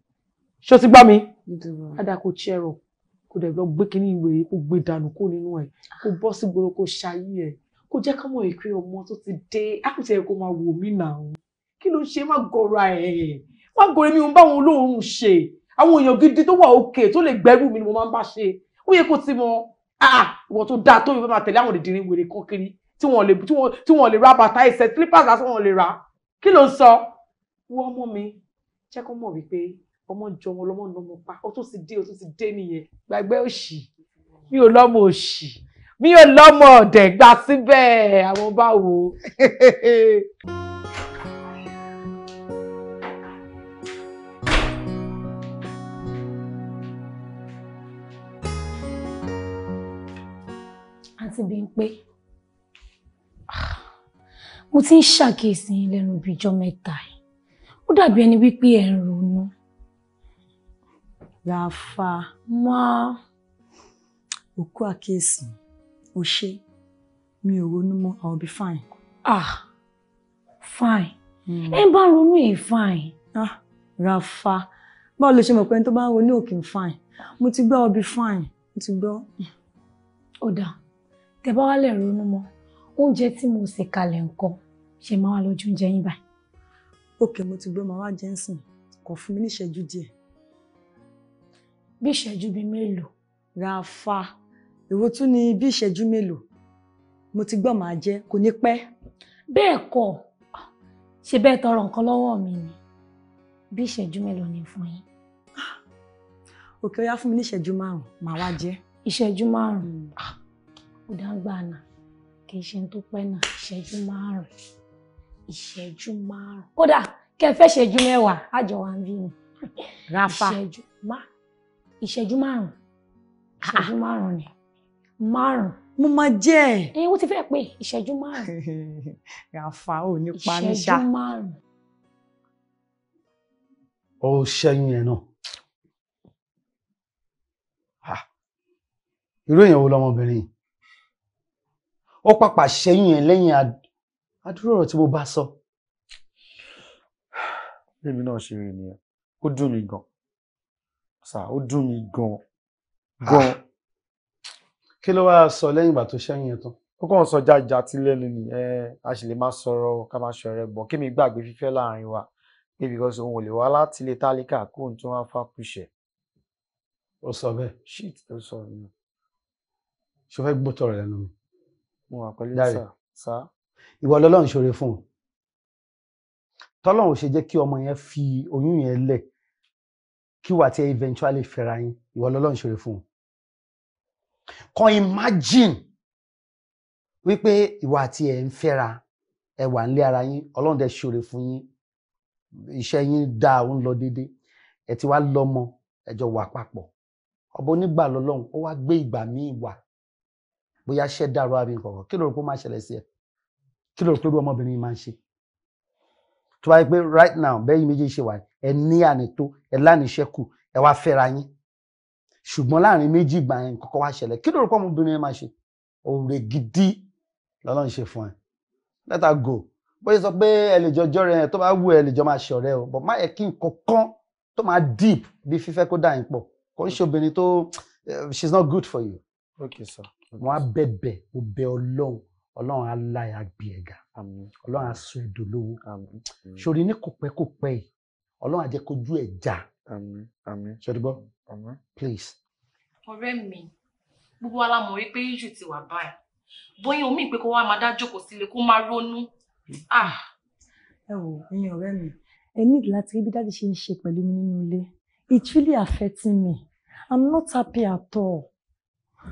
ṣó ti gbá mi ádá kò chẹ́rọ̀ kò dẹ̀ lọ gbé kínní ìwé kò gbé dànù kó nínú ẹ̀ kò bọ́ sí gbòòrò kò ṣayé ẹ̀ kò jẹ́ ká mọ̀ ọmọ tó ti dé àkùtì ẹ̀ kó máa wò mí nà ó kí ló ṣe má gọra ẹ̀ má gọra mi ò bá wọn olóhùn ṣe àwọn èèyàn gidi tó wà òkè tó lè gbẹ́rù mi ni mo máa ń bá ṣe ó yẹ kó ti mọ ah, ìwọ tó dáa tó yẹ máa tẹ̀lé àwọn ìdírin wèrè kan kiri tí wọ́n lè ra bàtà ẹsẹ̀ slippers lásán wọ́n lè ra kí ló ń sọ wọ́n ọmọ mi jẹ́ kó mọ̀ wípé ọmọ jọ wọn lọmọ nọmọ pa ó tún ti dé ó tún ti dé nìyẹn gbàgbé òṣì mi ò lọmọ òṣì mi ò lọmọ ọdẹ gbà síbẹ̀ àwọn bá pé mo ti ń ṣàkíyèsí yín lẹ́nu bíi ijọ́ mẹ́ta yìí ó dàbí ẹni wípé ẹ̀ ń ronú. Ràfà máa òkú àkíyèsí ò ṣe mi ò ronú mọ́ I will be fine. Ah fine hmm. ẹ bá ronú èyí fine. Ah Ràfà báwo lè ṣe mọ̀ pé ẹni tó bá ronú òkè fine mo ti gbọ́ I will be fine mo ti gbọ́. Ó dáa tẹ bá wá lè ronú mọ́ oúnjẹ tí mo sè kalẹ̀ nǹkan ṣe máa wá lójú oúnjẹ yín báyìí. òkè mo ti gbọ́ màá wá jẹ́nsìn kò fún mi ní ìṣẹ́jú díẹ̀. bí ìṣẹ́jú bíi mélòó. rafa èwo tún ni bí ìṣẹ́jú mélòó mo ti gbọ́ màá jẹ́ kò ní pẹ́. bẹ́ẹ̀ kọ́ ṣe bẹ́ẹ̀ tọrọ nǹkan lọ́wọ́ mi ni bí ìṣẹ́jú mélòó ni fún yín. òkè ó yá fún mi ní márùn-ún màá wá jẹ́. ìṣẹ́jú márùn-ún. Hmm dáńgbàna kì í ṣe tó pẹ́ náà ìṣẹ́jú márùn-ún ìṣẹ́jú márùn-ún kódà kẹfẹ́ ṣẹ́jú mẹ́wàá àjọ wa ń bí ni rafa ìṣẹ́jú má ìṣẹ́jú márùn-ún ìṣẹ́jú márùn-ún ni márùn-ún mo máa jẹ́ ẹ̀. ẹ wọ́n ti fẹ́ pé ìṣẹ́jú márùn-ún. rafa ò ní pa mí ṣá ìṣẹ́jú márùn-ún. ó ṣẹ́yìn ẹ̀ náà. irú èèyàn wo lọmọbìnrin yìí ó pàpà ṣẹ́yìn ẹ̀ lẹ́yìn àdúrà ọ̀rọ̀ tí mo bá sọ. èmi náà ṣe rí nìyẹn ó dùn mí gan sà ó dùn mí gan gan. Ah. kí ló wáá sọ lẹ́yìn ìgbà tó ṣẹ́yìn ẹ̀ tán. ó kàn sọ jájà tí lẹ́nu ni ẹ a sì lè máa sọ̀rọ̀ ká máa ṣọ̀rẹ́ bọ̀ kí mi gbàgbé fífẹ́ láàrin wa pé because òun ò lè wá láti ilé tálíkà kóun tó wá fàkùṣẹ̀. ó sọ bẹ́ẹ̀. shit o sọ yẹn. ṣe fẹ́ gbótọ̀ rẹ̀ lẹ́nu mi mo wà pẹ̀lú sà sà. ìwọ lọ́lọ́run ṣoore fún un tọ́lọ́run ò ṣe jẹ́ kí ọmọ yẹn fi oyún yẹn lẹ̀ kí wà tí eventually fẹ́ra yín ìwọ lọ́lọ́run ṣoore fún un kan imagine wípé ìwà àti ẹ̀ ń fẹ́ra ẹ wà nílé ara yín ọlọ́run dẹ̀ ṣoore fún yín iṣẹ́ yín dáa ń lọ déédéé ẹ ti wá lọ́mọ ẹ wà papọ̀ ọba onígbà lọ́lọ́run ó wá gbé ìgbà míì wà bóyá ṣẹ́ dàrú àbí nǹkan kí ló rò pé ó máa ṣẹlẹ̀ sí ẹ kí ló rò pé irú ọmọbìnrin máa ń ṣe tó bá yẹ pé right now bẹ́ẹ̀ méjì ṣe wà ẹ ní ànító ẹ lánìṣẹ́kù ẹ wá fẹ́ra yín ṣùgbọ́n láàrin méjì ìgbà yẹn kọ́kọ́ wá ṣẹlẹ̀ kí ló rò pé ọmọbìnrin yẹn máa ṣe òòrè gidi lọ́lọ́run ṣe fún ẹ let her go bó ṣe sọ pé ẹ lè jọ jọ rẹ tó bá wù ẹ lè jọ máa ṣe o but má yẹ kí nǹkan kan deep bí fífẹ́ kó dà yín pọ̀ kò ń ṣe obìnrin eh, not good for you. okay sir wọn á bẹ̀bẹ̀ mo bẹ̀ ọlọ́run ọlọ́run á la ẹ̀ àgbì ẹ̀gà ọlọ́run á sọ èdò lówó sori ní kò pẹ́ kò yìí ọlọ́run á kojú ẹ̀ já ṣọdúgbọ́ please. ọ̀rẹ́ mi gbogbo wa la mọ̀ wípé ti wà báyìí bóyá omi ìpè kó wá máa dá jókòó sílé kó máa ronú. Ah! ẹ wo ẹ̀yin ọ̀rẹ́ mi ẹ ní láti rí bí dáàdi ṣe ń ṣe pẹ̀lú mi nínú ilé it's really affecting me i'm not happy at all.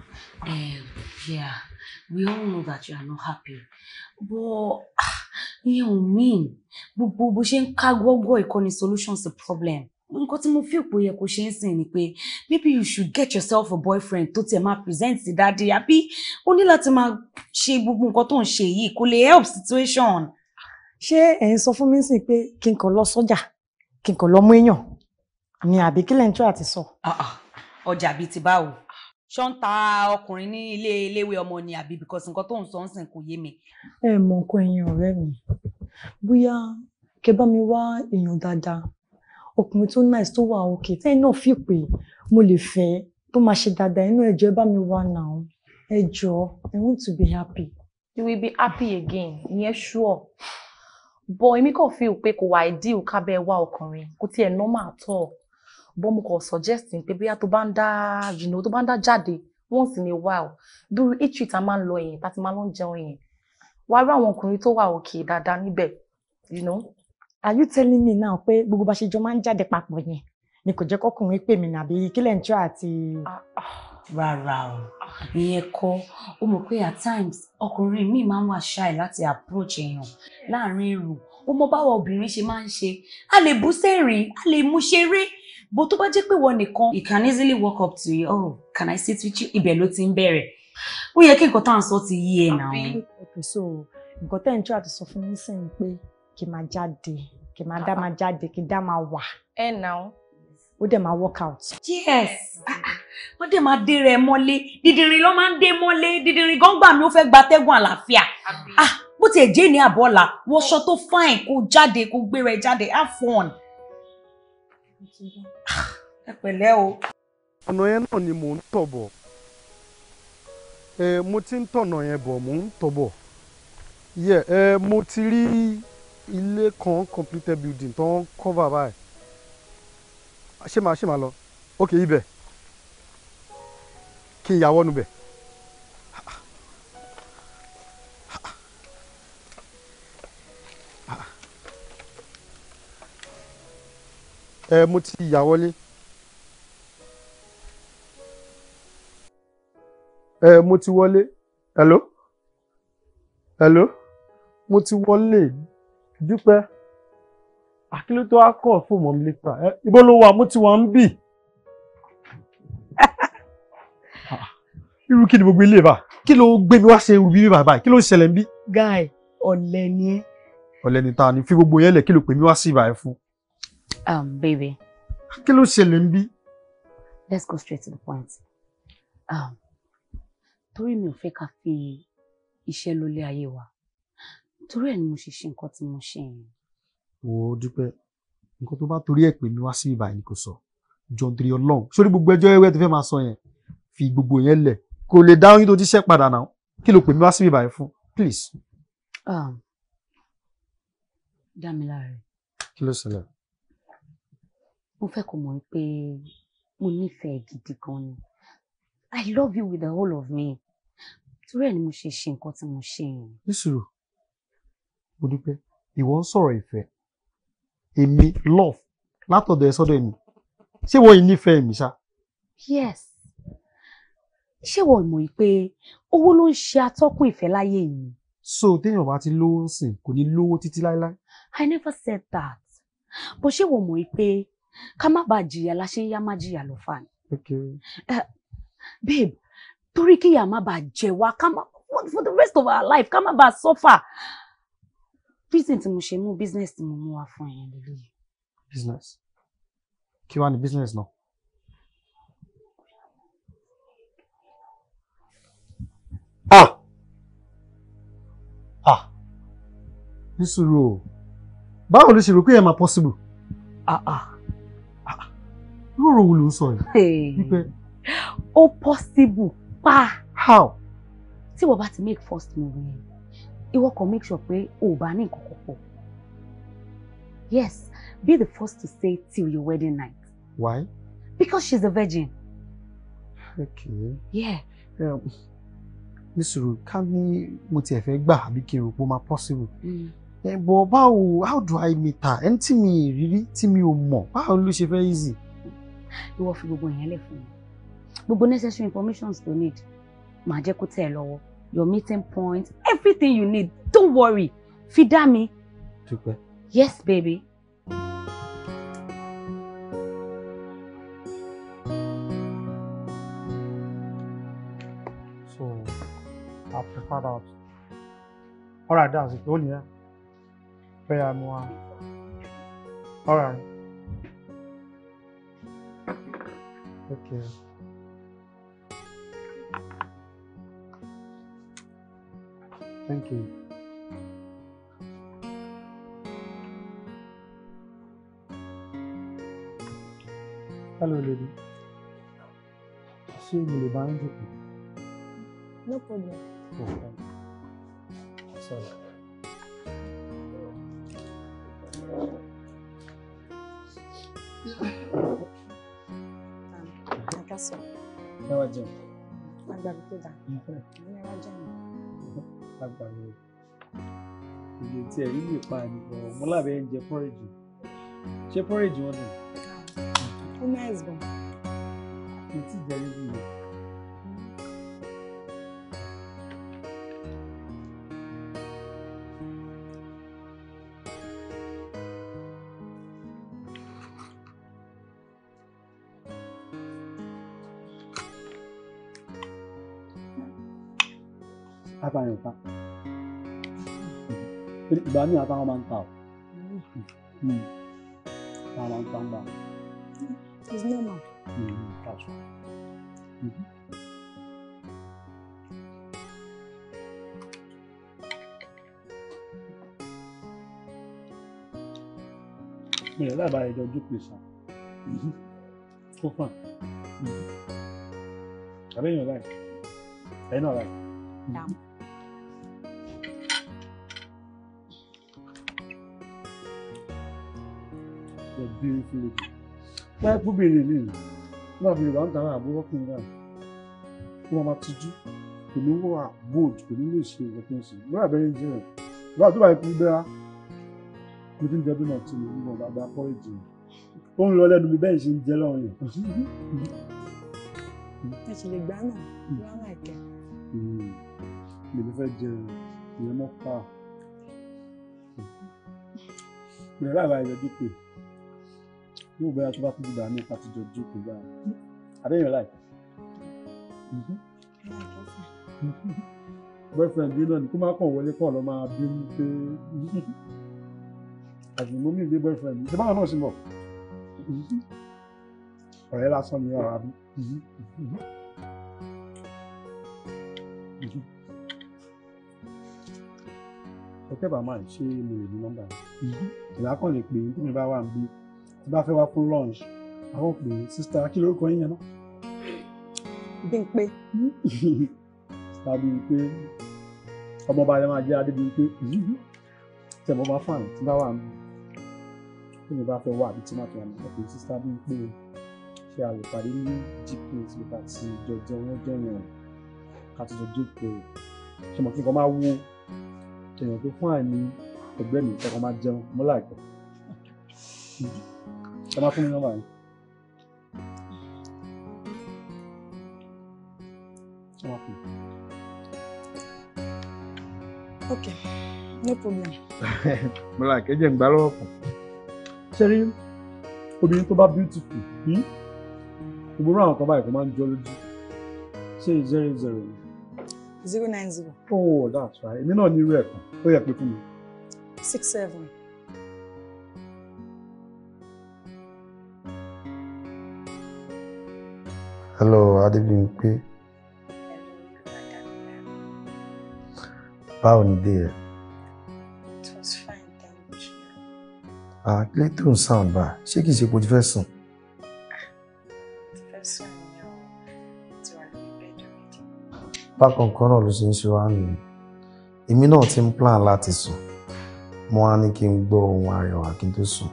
Um, yeah, we all know that you are not happy. But ìyẹn ah, ò mean gbogbo bó ṣe ń ká gbọ́gbọ́ ìkọ́ni solutions to problem. Nǹkan tí mo fi òpò yẹ kó ṣe ń sìn ni pé maybe you should get yourself a boyfriend tó tiẹ̀ máa present sí dáadé àbí ó ní láti máa ṣe gbogbo nǹkan tó ń ṣe yìí kó lè help situation. Ṣé ẹ̀ ń sọ fún mi sí pé kí n kàn lọ sọ́jà kí n kàn lọ mú èèyàn ni àbí kí lẹ́ńtọ́ àti sọ. Ah, ah. Ọjà bíi ti báwo ṣọ́ ń ta ọkùnrin ní ilé iléèwé ọmọ ni àbí because nǹkan tó ń sọ ń sìn kò yé mi. ẹ mọ nǹkan ẹ̀yin ọ̀rẹ́ mi bóyá kẹ́ bá mi wá èèyàn dáadáa ọkùnrin tó nice tó wà òkè tẹ́yìn náà fi pé mo lè fẹ́ tó máa ṣe dáadáa inú ẹ̀jọ̀ ẹ bá mi wá náà ẹ I want to be happy. you will be happy again ìyẹn sure But èmi kàn fi pé kò wá ideal kábẹ́ wá ọkùnrin kò tiẹ̀ normal at all bọ́n mo kàn suggest pé bóyá tó bá ń dá jìnnà tó bá ń dá jáde once in a while bí each week a máa ń lọ yẹn tá a ti máa lọ ń jẹun yẹn wàá rí àwọn ọkùnrin tó wà òkè dáadáa níbẹ̀ you know. are you telling me now pé gbogbo bá ṣe jọ máa ń jáde papọ̀ yẹn ni kò jẹ́ kọkùnrin pè mí nàbí kílẹ̀ ń jọ àti. rárá o ìyẹn kọ́ ó mọ̀ pé at times ọkùnrin mi máa ń wà shy láti approach èèyàn láàrin èrò ó mọ báwa obìnrin ṣe máa ń ṣe a lè bú sẹ́rìn a lè mú ṣeré bó tó bá jẹ́ pé wọ́n nìkan he can easily walk up to you oh can I sit with you ibẹ̀ ló ti ń bẹ̀rẹ̀ ó yẹ kí nǹkan tá à ń sọ ti yí ẹ̀ náà. okay so nǹkan tẹ́ ń tí àti sọ fún mi sì ń pé kí n máa jáde kí n máa dá máa jáde kí n dá máa wà. ẹ náà ó dẹ̀ máa work out. yes wọ́n dẹ̀ máa dé rẹ̀ mọ́lé dídìrín ló máa ń dé mọ́lé dídìrín gọ́ngbà mi ó fẹ́ gbatẹ́gùn àlàáfíà ah, bó tiẹ̀ jẹ́ ní àbọ̀là wọṣọ tó fine kó jáde kó gbé rẹ̀ jáde have fun ẹ pẹ̀lẹ́ o. ọ̀nà yẹn náà ni mò ń tọ̀ bọ̀ mo ti ń tọ̀nà yẹn bọ̀ mò ń tọ̀ bọ̀ mo ti rí ilé kan completed building tó ń cover báyìí ṣé màá ṣé màá lọ ok ibẹ̀ kí n yà wọ́nu bẹ̀. ẹ mo ti yà wọlé ẹ mo ti wọlé hello hello mo ti wọlé dúpẹ́ akíló tó wá kọ̀ fún mọ̀ mi lépa ẹ ibo ló wà mo ti wà ń bì irú kí ni gbogbo ilé bá kí ló gbé mi wá ṣe irú bí bàbá kí ló ṣẹlẹ̀ ń bí. guy ọ̀lẹ ni ẹ. ọ̀lẹ ni ta ni fi gbogbo yẹn lẹ̀ kí ló pè mí wá sí ibà ẹ̀ fún. Um, baby. Kí ló Let's go straight to the point. Um, torí mi ò fẹ́ ká fi iṣẹ́ lólé ayé wa. Torí ẹ̀ ni mo ṣe ṣe nǹkan tí mo ṣe yẹn. Wò ó dúpẹ́. Nǹkan tó bá torí ẹ̀ pè mí wá sí ìbàyìí ni kò sọ. John Tiri Ọlọ́run. Sórí gbogbo ẹjọ́ ẹwẹ́ tó fẹ́ máa sọ yẹn. Fi gbogbo yẹn lẹ̀. Kò lè dáhùn yín tó jíṣẹ́ padà náà. Kí ló pè mí wá sí ìbàyìí fún? Please. Um, Dámiláre. Kí ló ṣẹlẹ̀? mo fẹ́ kó mọ̀ pé mo nífẹ̀ẹ́ gidi gan ni i love you with the whole of me torí ẹ̀ ni mo ṣe ṣe nǹkan tí mo ṣe yẹn. nísìrò mo dúpẹ́ ìwọ ń sọ̀rọ̀ ìfẹ́ èmi love látọ̀dọ̀ ẹ sọ́dọ̀ èmi ṣé wọ́n yìí nífẹ̀ẹ́ mi ṣá. yes ṣé wọ́n mọ̀ pé owó ló ń ṣe atọ́kùn ìfẹ́ láyé yìí. so téèyàn bá ti lówó ń sìn kò ní lówó títí láéláé. i never said that bó ṣé wọ́n mọ̀ pé ká má bàa jìyà la ṣe ń yá má jìyà lọ fà ni. babe torí kíyà má bàa jẹ wá ká má for the rest of our life ká má bàa suffer. reason tí mo ṣe mú business tí mo mú wá fún ẹ̀yìn lélẹ́yìí. business kí wàá ní business náà. No? ah ah nísòro báwo ló ṣe rò pé ẹ máa possible ah ah ọ̀rọ̀ wo ló ń sọ yìí. pípẹ́. possible pa. how. tí wọ́n bá ti make first move yẹn ìwọ kan make sure pé o ò bá ní nǹkan kan pọ̀. yes be the first to say till your wedding night. why. because she's a virgin. okay. yeah. Um, nísòro ká ní mo tiẹ̀ fẹ́ gbà àbí kí n rò pé ó máa possible. Mm ẹ̀bọ̀ báwo how do I meet her ẹni tí mi rírí tí mi ò mọ̀ báwo ló ṣe fẹ́ easy ìwọ fi gbogbo yẹn lẹ̀ fún mi gbogbo necessary information tó need màá jẹ́ kó tẹ̀ ẹ́ lọ́wọ́ your meeting point everything you need don't worry fi dá mi. dúpẹ́. yes baby. so i prefer that all right that's it ó nìyẹn bẹ́ẹ̀ ni wọ́n all right. Okay. Thank you. Hello, lady. Ṣé mo lè bá ń No problem. Okay. Sorry. ẹ wá jẹun. agbàgbé tó dà ẹ wá jẹun. agbàgbé ìyè tí ẹ rí lè ni bọ̀ mo lábẹ́ ẹ ń jẹ pọ́rẹ́jì ṣé pọ́rẹ́jì wọn dùn. Ah, ó náà ẹ̀ sùn. mo ti jẹ́ rí bí ìgbà míì àtàwọn máa ń ta ọ àwọn hmm. hmm. máa ń ta ń bá. it's normal. Mm-hmm. That's right. bí i fún mi báyìí kúbìnrin mi nì náà bí yorùbá ń tara àbúrò kí n dà kí wọn máa tijú kò ní wà bold kò ní lè ṣe ìwọ tó ń ṣe lọ́wọ́ àbẹ́rẹ́ ń jẹun lọ́wọ́ àtúbà ikú bẹ́ra mo ti ń jẹ dúnà tí mo ń bọ̀ bàbá pọ́ìjì ó ń lọ lẹ́nu mi bẹ́ẹ̀ ṣe ń jẹ lọ́rùn yẹn. ẹ sì lè gbá náà lọ́wọ́ àìkẹ́. mi fẹ́ jẹ ìyẹn mọ́ pa bẹ̀rẹ̀ láàbà ìyẹn yóò bẹ́ẹ̀ tó bá kú gbà ní ìpàtìjọ ju kò gbà àdéhùn láì. boyfriend yìí náà ni kó má kàn wọlé kàn lọ máa bí mi pé àdìmọ́ mi gbé boyfriend ṣé báwọn náà ṣe mọ̀ ọ̀rẹ́ lásán ni ọ̀rọ̀ àbí. ẹ tẹ́ bàá máa ṣe mo lè ní nọ́mbà yìí ìlà kan lè pè é tí wà ń bí tí bá fẹ́ wá fún lunch àwọn pè é sista kí lórúkọ yín yẹn náà. Bímpé. sista Bímpé ọmọọba yẹn máa jẹ́ Adébímpé tí ẹ̀mọ́ bá fàn tí bá wà mí tí mi bá fẹ́ wà àbí tí má fi hàn mí ọ̀pẹ̀ sista Bímpé ṣe àlùpàdé ní GPS nípa ti jọjọ wọn jọyàn ká tó jọ jókòó ṣe mọ̀ kí nǹkan máa wo èèyàn tó fún àìní ẹgbẹ́ mi kọ́kọ́ máa jẹun mọ́lá ìgbẹ́. Ẹ máa fún mi nọ́mbà yẹn. Ok, no problem. Mọ́lá àkẹ́jẹ́ ń gbá lọ́wọ́ kan. Ṣé rí obìnrin tó bá beautiful Hmm. Ìgbóró àwọn kan báyìí kò máa ń jọ lójú. Ṣé zero zero Zero nine zero. Oh, that's right. Èmi náà ní irú ẹ̀ kan. Ó yẹ pé mi. Six seven. hello Adébímpé. báwo ni dé ẹ. it was fine thank you. ah kílé tó ń sound bá ṣé kìí ṣe kó o ti fẹ́ sùn. bákan kan náà ló ṣe ń ṣe wá nìyí èmi náà ti ń plan láti sùn mo á ní kí n gbọ́ ohun arẹwà kí n tó sùn.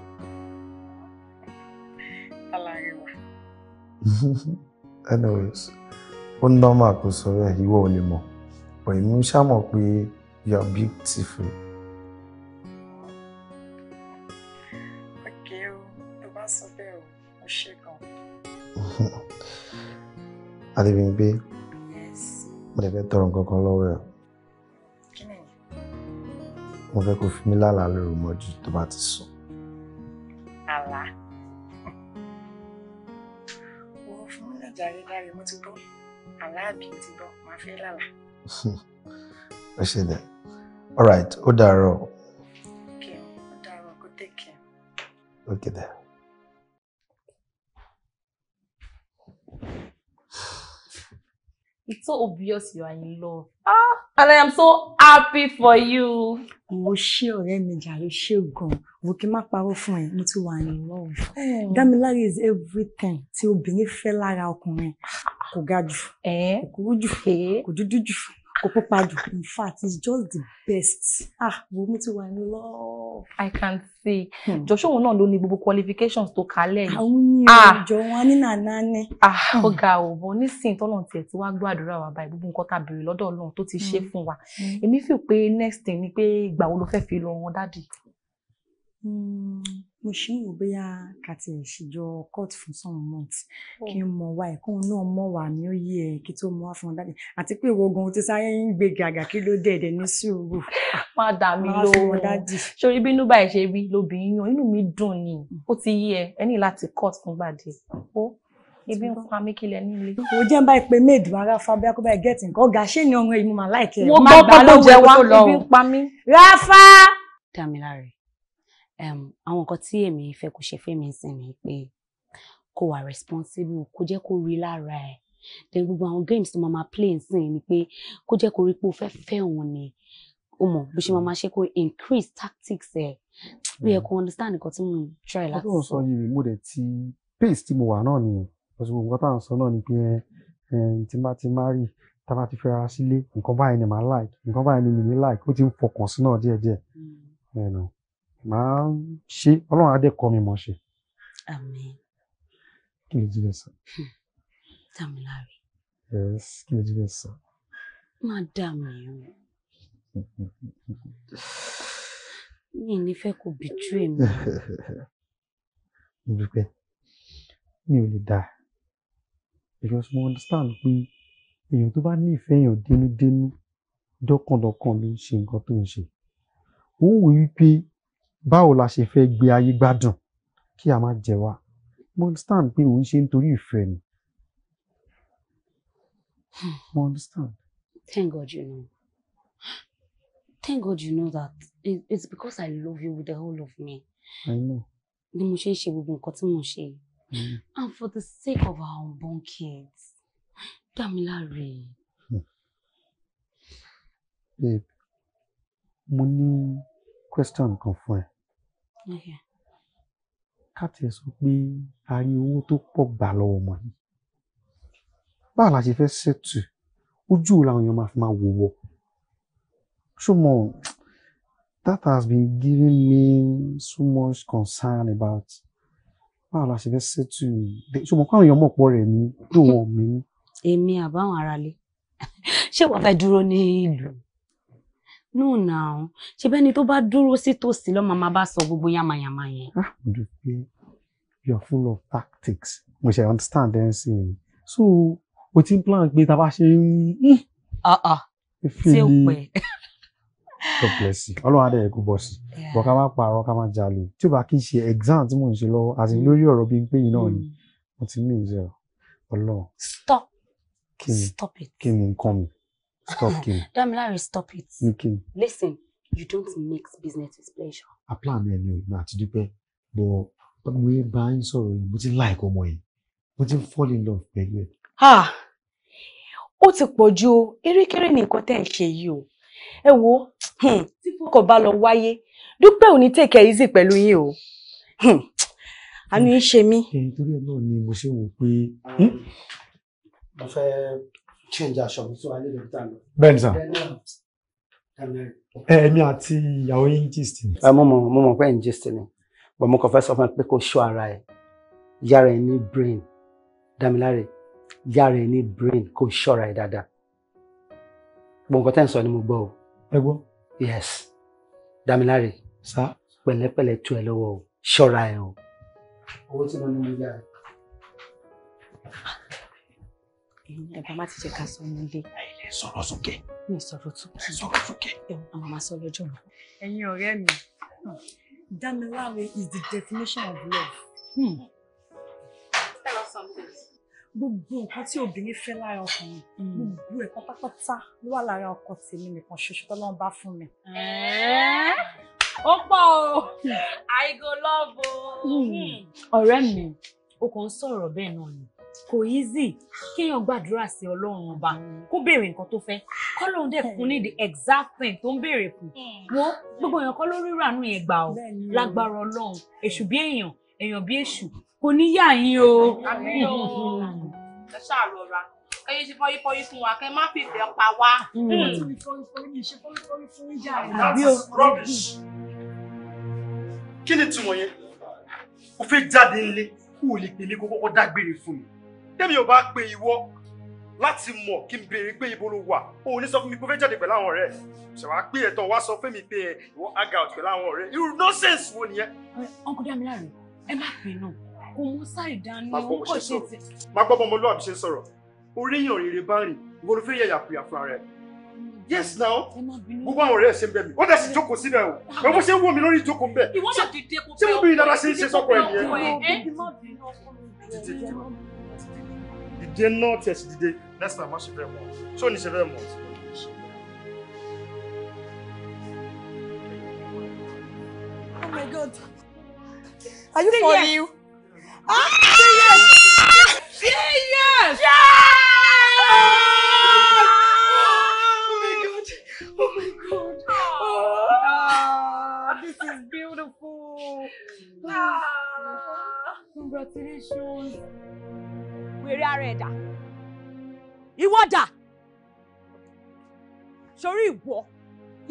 alárẹwà. anyways ó nọ́mà kó sọ bẹ́ẹ̀ ìwọ ò lè mọ̀ but èmi ṣàmọ̀ pé you are beautiful. ọ̀gẹ́ o tó bá sọ o mo ṣe gan. Adébímpé mo lè fẹ́ tọrọ nǹkan kan lọ́wọ́ ẹ̀ mo fẹ́ kó fi mí lálàá lóru mọ́jú tó bá ti sùn. ó ṣe dẹ all right ó dàárọ̀. okay ó dàárọ̀ take care. okay then. It's so obvious you are in love. Ah, and I am so happy for you. Mo ṣé ọ̀rẹ́ mi jàre ṣé gan-an. Mo kí n ti wà in love. Hmm. Dámiláre is everything tí obìnrin fẹ́ lára ọkùnrin. Kò ga jù, eh? kò kúrú jù, eh? kò dúdú jù kò pupa in fact it's just the best ah wo mo ti wà in love. i can see hmm. joshua òun náà ló ní gbogbo qualifications tó kalẹ̀ yìí. àwọn ah! ní ìjọ wọn ní nàná ni. Ah, hmm. ó ga òbò nísìnyí tọ́lọ̀ tiẹ̀ tí wàá gbàdúrà wà báyìí gbogbo nǹkan tá a béèrè lọ́dọ̀ ọlọ́run tó ti ṣe hmm. fún wa èmi fi pé next thing ni pé ìgbà wo ló fẹ́ fi lọ dáàdì mo ṣì ń wò bóyá ká tiẹ̀ ṣèjọ cut fún some months kí n oh. mọ̀ wá ẹ̀kọ́ náà mọ̀ wá ní òye ẹ̀ kí tó mọ̀ wá fún ọ dáadé àti pé ìwọ gan ti sáré ń gbé gàgà kí ló dẹ̀dẹ̀ ní sùúrù. má dà mí lóhùn sórí bínú báyìí ṣe rí lóbìnrin yan inú mi dùn ni mm. ó ti yí ẹ ẹ ní láti cut fúngbà díẹ̀ ibi ń pa mí kílẹ̀ nílé. o jẹ́ báyìí pé méèdù ara fábíà kó báyìí gẹ̀ẹ́tì nǹkan ọ̀gá ṣé ni ọ̀run èyí mo máa láìkẹ́ ẹ̀. mo gbọ́ pé kò jẹ́ àwọn nǹkan tí èmi fẹ́ kó ṣe fẹ́mi sìn ni pé kó wà responsible kó jẹ́ kó rí lára ẹ̀ then gbogbo àwọn games tó máa ma play nsìn ni pé kó jẹ́ kó rí pé o fẹ́ fẹ́ òun ni o mọ̀ bó ṣe máa ma ṣe kó increase tactics ẹ̀ bí ẹ kò understand nǹkan tí mo try láti. ọdún sọ yìí mo dẹ̀ ti pace tí mo wà náà nìyẹn ọ̀ṣun nǹkan tá à ń sọ náà ni pé eh, tí má ti má tá a ti fẹ́ra sílé nǹkan báyìí ni màá like nǹkan báyìí ni mi ní like ó ti ń fọkàn sí náà díẹ̀díẹ̀. Hmm màá ṣe ọlọ́run adé kọ́ mi mọ̀ ṣe. àmín. kí ló jílẹ̀ sọ. Hmm. Damilare. yes kí ló jílẹ̀ sọ. má dà mí o. mi ò ní fẹ́ kó bìtú èmi. mo dúpẹ́ mi ò lè dà because mo understand pé èèyàn tó bá nífẹ̀ẹ́ èèyàn dénúdénú dọ́kàndọ́kàn ló ń ṣe nǹkan tó ń ṣe. ó ń wò wípé báwo la ṣe fẹ́ gbé ayé gbádùn kí a má jẹ wá mo understand pé òun ṣe nítorí ìfẹ́ ni mo understand. Thank God you know Thank God you know that it's because I love you with the whole of me. I know. ni mo ṣe ń ṣe gbogbo nǹkan tí mo ṣe mm-hmm. and for the sake of our unborn kids Dámiláre. Hmm. babe mo ní question kan fún ẹ ká tiẹ̀ sọ pé a rí owó tó pọ̀ gbà lọ́wọ́ ọmọ yìí báwo la ṣe fẹ́ ṣètù ojú làwọn èèyàn máa fi máa wò wọ́ ṣùgbọ́n that has been giving me so much concern about báwo la ṣe fẹ́ ṣètù ṣùgbọ́n káwọn èèyàn mọ̀ pọ̀ rẹ̀ ní dùn wọn mi. èmi àbáwọn aráalé ṣé wàá fẹ́ dúró ní ìlú no now She bẹ́ni tó bá dúró sí tòsí lọ́mọ máa bá sọ gbogbo yàmàyàmà yẹn. Ah, mo dùn you are full of tactics mo ṣe understand then ń so what ti ń plan pé ta bá ṣe ń. Ah, ah. ṣé o God bless you. Ọlọ́run adé ẹ̀kú bọ̀ sí. Bọ̀ ká má parọ́ ká má jalè. ba o bá kí n ṣe exam tí mò ń ṣe lọ́wọ́ àti lórí ọ̀rọ̀ bíi pé yìí náà ni mm. mo ti ní ìṣe Ọlọ́run. Stop. Stop it. Kini ni mi? Stop, Kim. Damilare, stop it. Kim. Listen, you don't mix business with pleasure. I plan anyway, náà àti dúpẹ́, but mo ń bá yín sọ̀rọ̀ yìí, like ọmọ yìí, mo fall in love pẹ̀lú ẹ̀. Ah! Ó ti pọ̀ ju o, erékeré ni nǹkan tẹ́ ẹ̀ ṣe yìí o. Ẹ wo, hmm, tí fọkọ̀ bá lọ wáyé, dúpẹ́ ò ní take it easy pẹ̀lú yín o. Hmm, àánú yín ṣe mí. Nítorí ẹ̀ náà ni mo ṣe wò pé hmm? mo fẹ́ change aṣọ mi so alẹ́ lọ́ọ́ ta lọ. bẹ́ẹ̀ni sà. Um, ẹ ẹ̀mí àti ìyàwó yín gist ni. mo mọ̀ mo mọ̀ pé ń gist ni but mo kàn fẹ́ sọ fún ẹ pé kó ṣọ́ ara ẹ̀ yára ẹ̀ ní brain Dámiláre yára ẹ̀ ní brain kó ṣọ́ra ẹ̀ dáadáa gbọ̀ngàn tẹ́ ń sọ ni mo gbọ́ o. ẹ gbọ́. yes Dámiláre. sà. pẹ̀lẹ́pẹ̀lẹ́ tú ẹ lọ́wọ́ o ṣọ́ra ẹ o. owó tí mo ní mo yára ẹ bá má ti jẹ ká sọ nílé. ẹ sọ̀rọ̀ sókè. mi sọ̀rọ̀ sókè. sọ̀rọ̀ sókè. ẹ wọn máa sọ lọ́jọ́ mi. ẹ̀yin ọ̀rẹ́ mi dámiláre is the definition of love. Hmm. gbogbo nǹkan tí obìnrin fẹ́ lára ọkùnrin hmm. gbogbo ẹ̀ pátápátá ló wà lára ọkọ tèmi nìkan ṣoṣo tó lọ́n bá fún mi. ó pọ̀ o i go love o. Hmm. ọ̀rẹ́ mi o kò ń sọ̀rọ̀ bẹ́ẹ̀ náà ni kò easy kéèyàn gbàdúrà sí ọlọ́run ọba kó béèrè nǹkan tó fẹ́ kọ́lọ́run dẹ̀ fún ní the exact thing tó ń béèrè fún wo gbogbo èèyàn kọ́ ló rí ìrànú yẹn gbà ọ́ lágbára ọlọ́run èṣù bí èèyàn èèyàn bí èṣù kò ní yà yín o. àmín o ẹ ṣáà lọ ra kẹyẹ ṣe fọyín fọyín fún wa kẹ má fi ìfẹ́ pa wá. kí ni tiwọn yẹn o fẹ́ jáde nílé kó o lè pèlè kó kọ́kọ́ dágbére fún mi tẹ́mi ò bá pe ìwọ láti mọ̀ kí n béèrè pé ibo ló wà o ní sọ fún mi pé fẹ́ jáde pẹ̀lú àwọn ọ̀rẹ́ ṣàwá pé ẹ̀tọ́ wa sọ fún mi pé ìwọ aga ọ̀tún pẹ̀lú àwọn ọ̀rẹ́ irú nonsense wo nìyẹn. ọkọ Dámiláre ẹ má pinnu kò mú sáì dání òun kò ṣe ti. má gbọ́ bọ́ ọmọlúwàbí ṣe ń sọ̀rọ̀ orí èèyàn rere bá rìn ìwọ ló fẹ́ yẹ̀yà pìyà fún ara yes now gbogbo àwọn ọ̀rẹ́ ṣe ń bẹ̀ mí wọ́n dẹ̀ sì jókòó síbẹ̀ o pé bó ṣe ń wò mí lórí ìjókòó ń bẹ̀ ṣé mo bí ìdára ṣe ń ṣe sọ́kọ̀ ẹ̀ nìyẹn dìde náà tiẹ̀ sì dìde next time ṣe bẹ́ẹ̀ mọ́ ṣé ní ṣe bẹ́ẹ̀ mọ́. Oh my God. Are you for yes. you? Ah! Say yes! Say yes! Yeah! Oh my god. Oh, ah, this is beautiful. Ah. Congratulations wèrè ara ẹ̀ dà ìwọ dà sórí ìwọ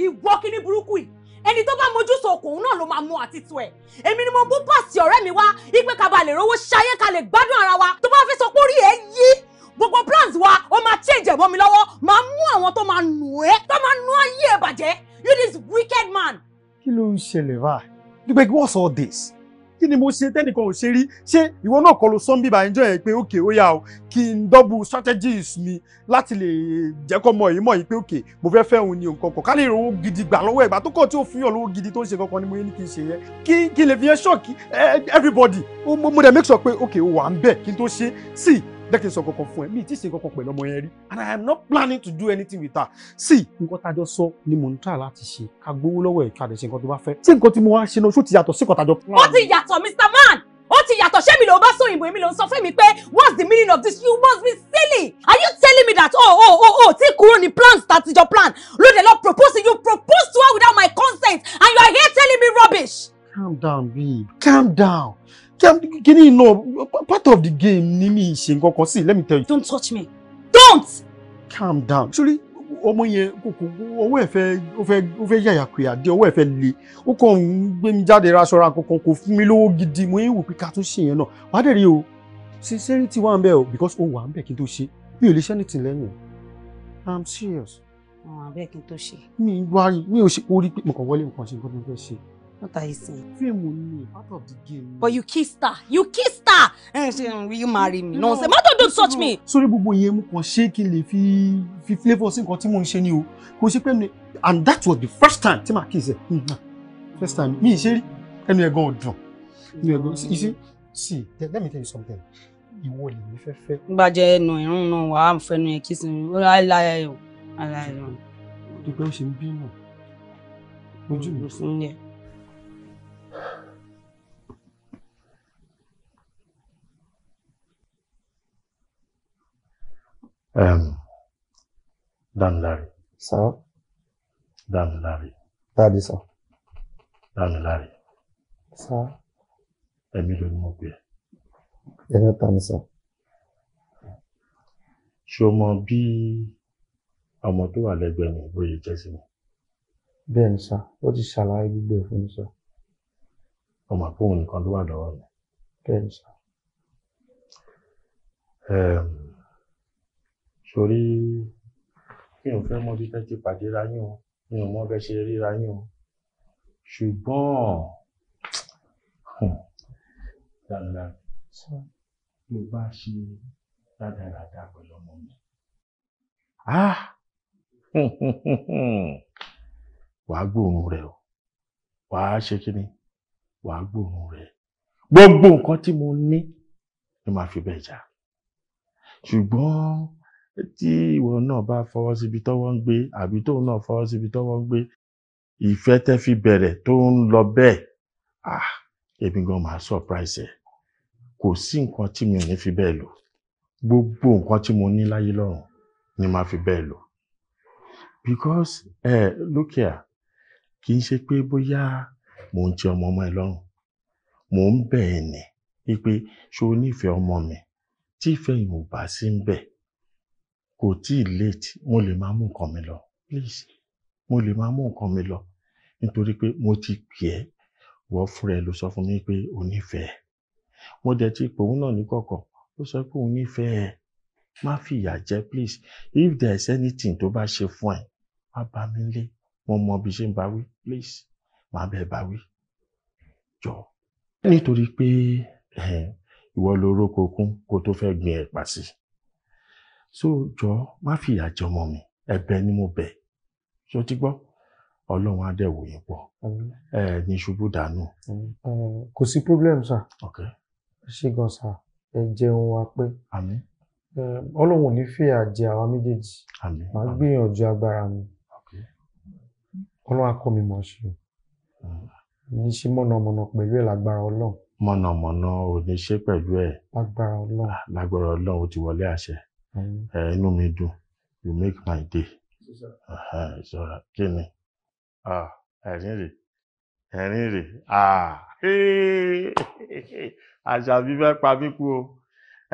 ìwọ kíní burúkú yìí ẹni tó bá mojú sọkò òun náà ló máa mu àti tu ẹ èmi ni mo bú pàṣẹ ọ̀rẹ́ mi wá ipe kaba lè rówó ṣayé ká lè gbádùn ara wa tó bá fi sọ pé orí ẹ yí gbogbo plans wa ó máa change ẹ̀ mọ́ mi lọ́wọ́ máa mú àwọn tó máa nù ẹ́ tó máa nù ayé ẹ̀ bàjẹ́ you this wicked man. kí ló ń ṣẹlẹ̀ báyìí dípẹ́ kí wọ́n sọ this kí ni mo ṣe tẹ́nìkan ò ṣe rí ṣé ìwọ náà kọ́ ló sọ ń bíbá pé òkè ó yà ó kí n double strategies mi láti lè jẹ́ kọ́ mọ̀ yìí mọ̀ yìí pé òkè mo fẹ́ fẹ́ òun ni nǹkan kan ká lè rówó gidi gbà lọ́wọ́ ẹ̀gbà tó kọ̀ tí ó fún yàn lówó gidi tó ń ṣe kankan ni mo yẹ ní kí n ṣe yẹn kí kí n lè fi yẹn ṣọ́ọ̀kì eh, everybody mo dẹ̀ make sure pé òkè ó wà ń bẹ̀ kí n tó ṣe sí jẹ́kí n sọ kankan fún ẹ mi ti ṣe kankan pẹ̀lú ọmọ yẹn rí and i am not planning to do anything with her see nǹkan tá a jọ sọ ni mò ń tà láti ṣe ká gbowó lọ́wọ́ ẹ̀ ká lè ṣe nǹkan tó bá fẹ́ ṣé nǹkan tí mo wá ṣe náà ṣó ti yàtọ̀ sí nǹkan ó ti yàtọ̀ mr man ó ti yàtọ̀ ṣé mi ló bá sọ òyìnbó èmi ló ń sọ fẹ́mi pé what's the meaning of this you must be silly are you telling me that oh oh oh oh tí kúrò ní plans tàti your plan ló dé lọ propose you propose to her without my consent and you are here telling me rubbish. calm down babe calm down Can you know part of the game ni mi ṣe nǹkan kan sí let me tell you. don't touch me don't. calm down sori Omo yẹn kòkò ọwọ́ ẹ̀ fẹ́ ó fẹ́ ó fẹ́ yàyà kùyà dé ọwọ́ ẹ̀ fẹ́ le ó kàn ń mi jáde raṣọ ra kankan kò fún mi lówó gidi mo ń wò pé ká tó ṣe yẹn náà wàá dẹ̀ rí o sincerity wà ń o because o wà ń bẹ̀ kí n mi ò lè ṣe anything lẹ́yìn i'm serious. àwọn àbẹ́ kí n tó ṣe. mi wá mi ò ṣe orí pé mo kàn wọlé nǹkan ṣe nǹkan tó fẹ́ ṣe. What are you saying? Fame me, part of the game. But you kissed her. You kissed her. Eh, she, will you marry me? No, say, Mother, don't touch me. Sorry, gbogbo yẹn mo kàn ṣe kí n lè fi fi flavour sí nǹkan tí and that was the first time tí màá kiss First time mi and rí ẹnu ẹ̀ gan ọ̀dùn. Ẹnu ẹ̀ gan you see see let me tell you something. Ìwọ lè mi fẹ́ fẹ́. Gbàjẹ́ ẹnu ìrún náà wàá fẹnu ẹ̀ kí sinmi. Ó láyé láyé o. Aláyé o. Ìgbà ó ṣe ń bínú. Ojú mi. Um, Larry. Sir. Damilare. Dáàdi sọ. Damilare. Sir. Ẹ̀mí ló ní mo pè é. Ẹ̀rọ ta ni sọ. Ṣé o mọ bí ọmọ tó wà lẹ́gbẹ̀ẹ́ mi bóyá jẹ́ sí mi? Bẹ́ẹ̀ ni sá, ó ti ṣàlàyé gbígbé fún mi sọ. Ọmọ àpòhùn nìkan ló wà lọ́wọ́ mi. Bẹ́ẹ̀ ni sá. Um, torí mi ò fẹ́ mọ bí tẹ́ ti pàdé ra yín o mi ò mọ bẹ́ ṣe ríra yín o ṣùgbọ́n hmm, dáadáa mo bá ṣe rádaràda pẹ̀lú ọmọ mi. wàá gbóòórùn rẹ o wàá ṣe kí ni wàá gbóòórùn rẹ gbogbo nǹkan tí mo ní ni màá fi bẹ́ẹ̀ jà ṣùgbọ́n tí ìwọ náà bá fọwọ́ síbi tọ́wọ́ ń gbé àbí tóun náà fọwọ́ síbi tọ́wọ́ ń gbé ìfẹ́ tẹ́ fi bẹ̀rẹ̀ tó ń lọ bẹ́ẹ̀ ah èmi gan máa surprise ẹ̀ kò sí nǹkan tí mi ò ní fi bẹ́ẹ̀ lò gbogbo nǹkan tí mo ní láyé lọ́rùn ni màá fi bẹ́ẹ̀ lò because ẹ eh, look here kì í ṣe pé bóyá mò ń ti ọmọ ọmọ ẹ lọ́rùn mò ń bẹ̀ ẹ̀ nì pé ṣé o nífẹ̀ẹ́ ọmọ mi tí ìfẹ́ yìí ò bá sí ń bẹ̀ kò tíì late mo lè máa mú nǹkan mi lọ please mo lè máa mú nǹkan mi lọ nítorí pé mo ti pè ẹ́ wọ́n fúnra ẹ ló sọ fún mi pé o nífẹ̀ẹ́ mo dẹ̀ ti pè òun náà ní ó sọ pé òun nífẹ̀ẹ́ má fìyà jẹ please if there is anything tó bá ṣe fún ẹ wá bá mi lé mo mọ bí ṣe ń bá wí please má bẹ́ẹ̀ bá wí jọ nítorí pé ìwọ ló rókò kún kó tó fẹ́ gbin ẹ̀pà sí i so jọ má fìyà jẹ ọmọ mi ẹ̀bẹ̀ ni mo bẹ̀ ṣó ti gbọ́ Ọlọ́run á dẹ̀ wò yín pọ̀ ẹ ní ṣubú dànù. kò sí problem sir ṣé gan sir ẹ jẹun wa pé Ọlọ́run ò ní fìyà jẹ àwa méjèèjì màá gbìyànjú agbára mi Ọlọ́run á kọ́ mi mọ̀ ṣe ní hmm. ṣe mọ̀nàmọ̀nà pẹ̀lú ẹ̀ lágbára Ọlọ́run. mọ̀nàmọ̀nà ò ní ṣe pẹ̀lú ẹ̀. lágbára Ọlọ́run. Ah, lágbára Ọlọ́run ó ti wọlé àṣẹ. Mm. Eh, inú mi dùn you make my day ìṣọra kí ni ah, ẹ̀rín rè ẹ̀rín rè ah, àṣàbí fẹ́ pa mí kú o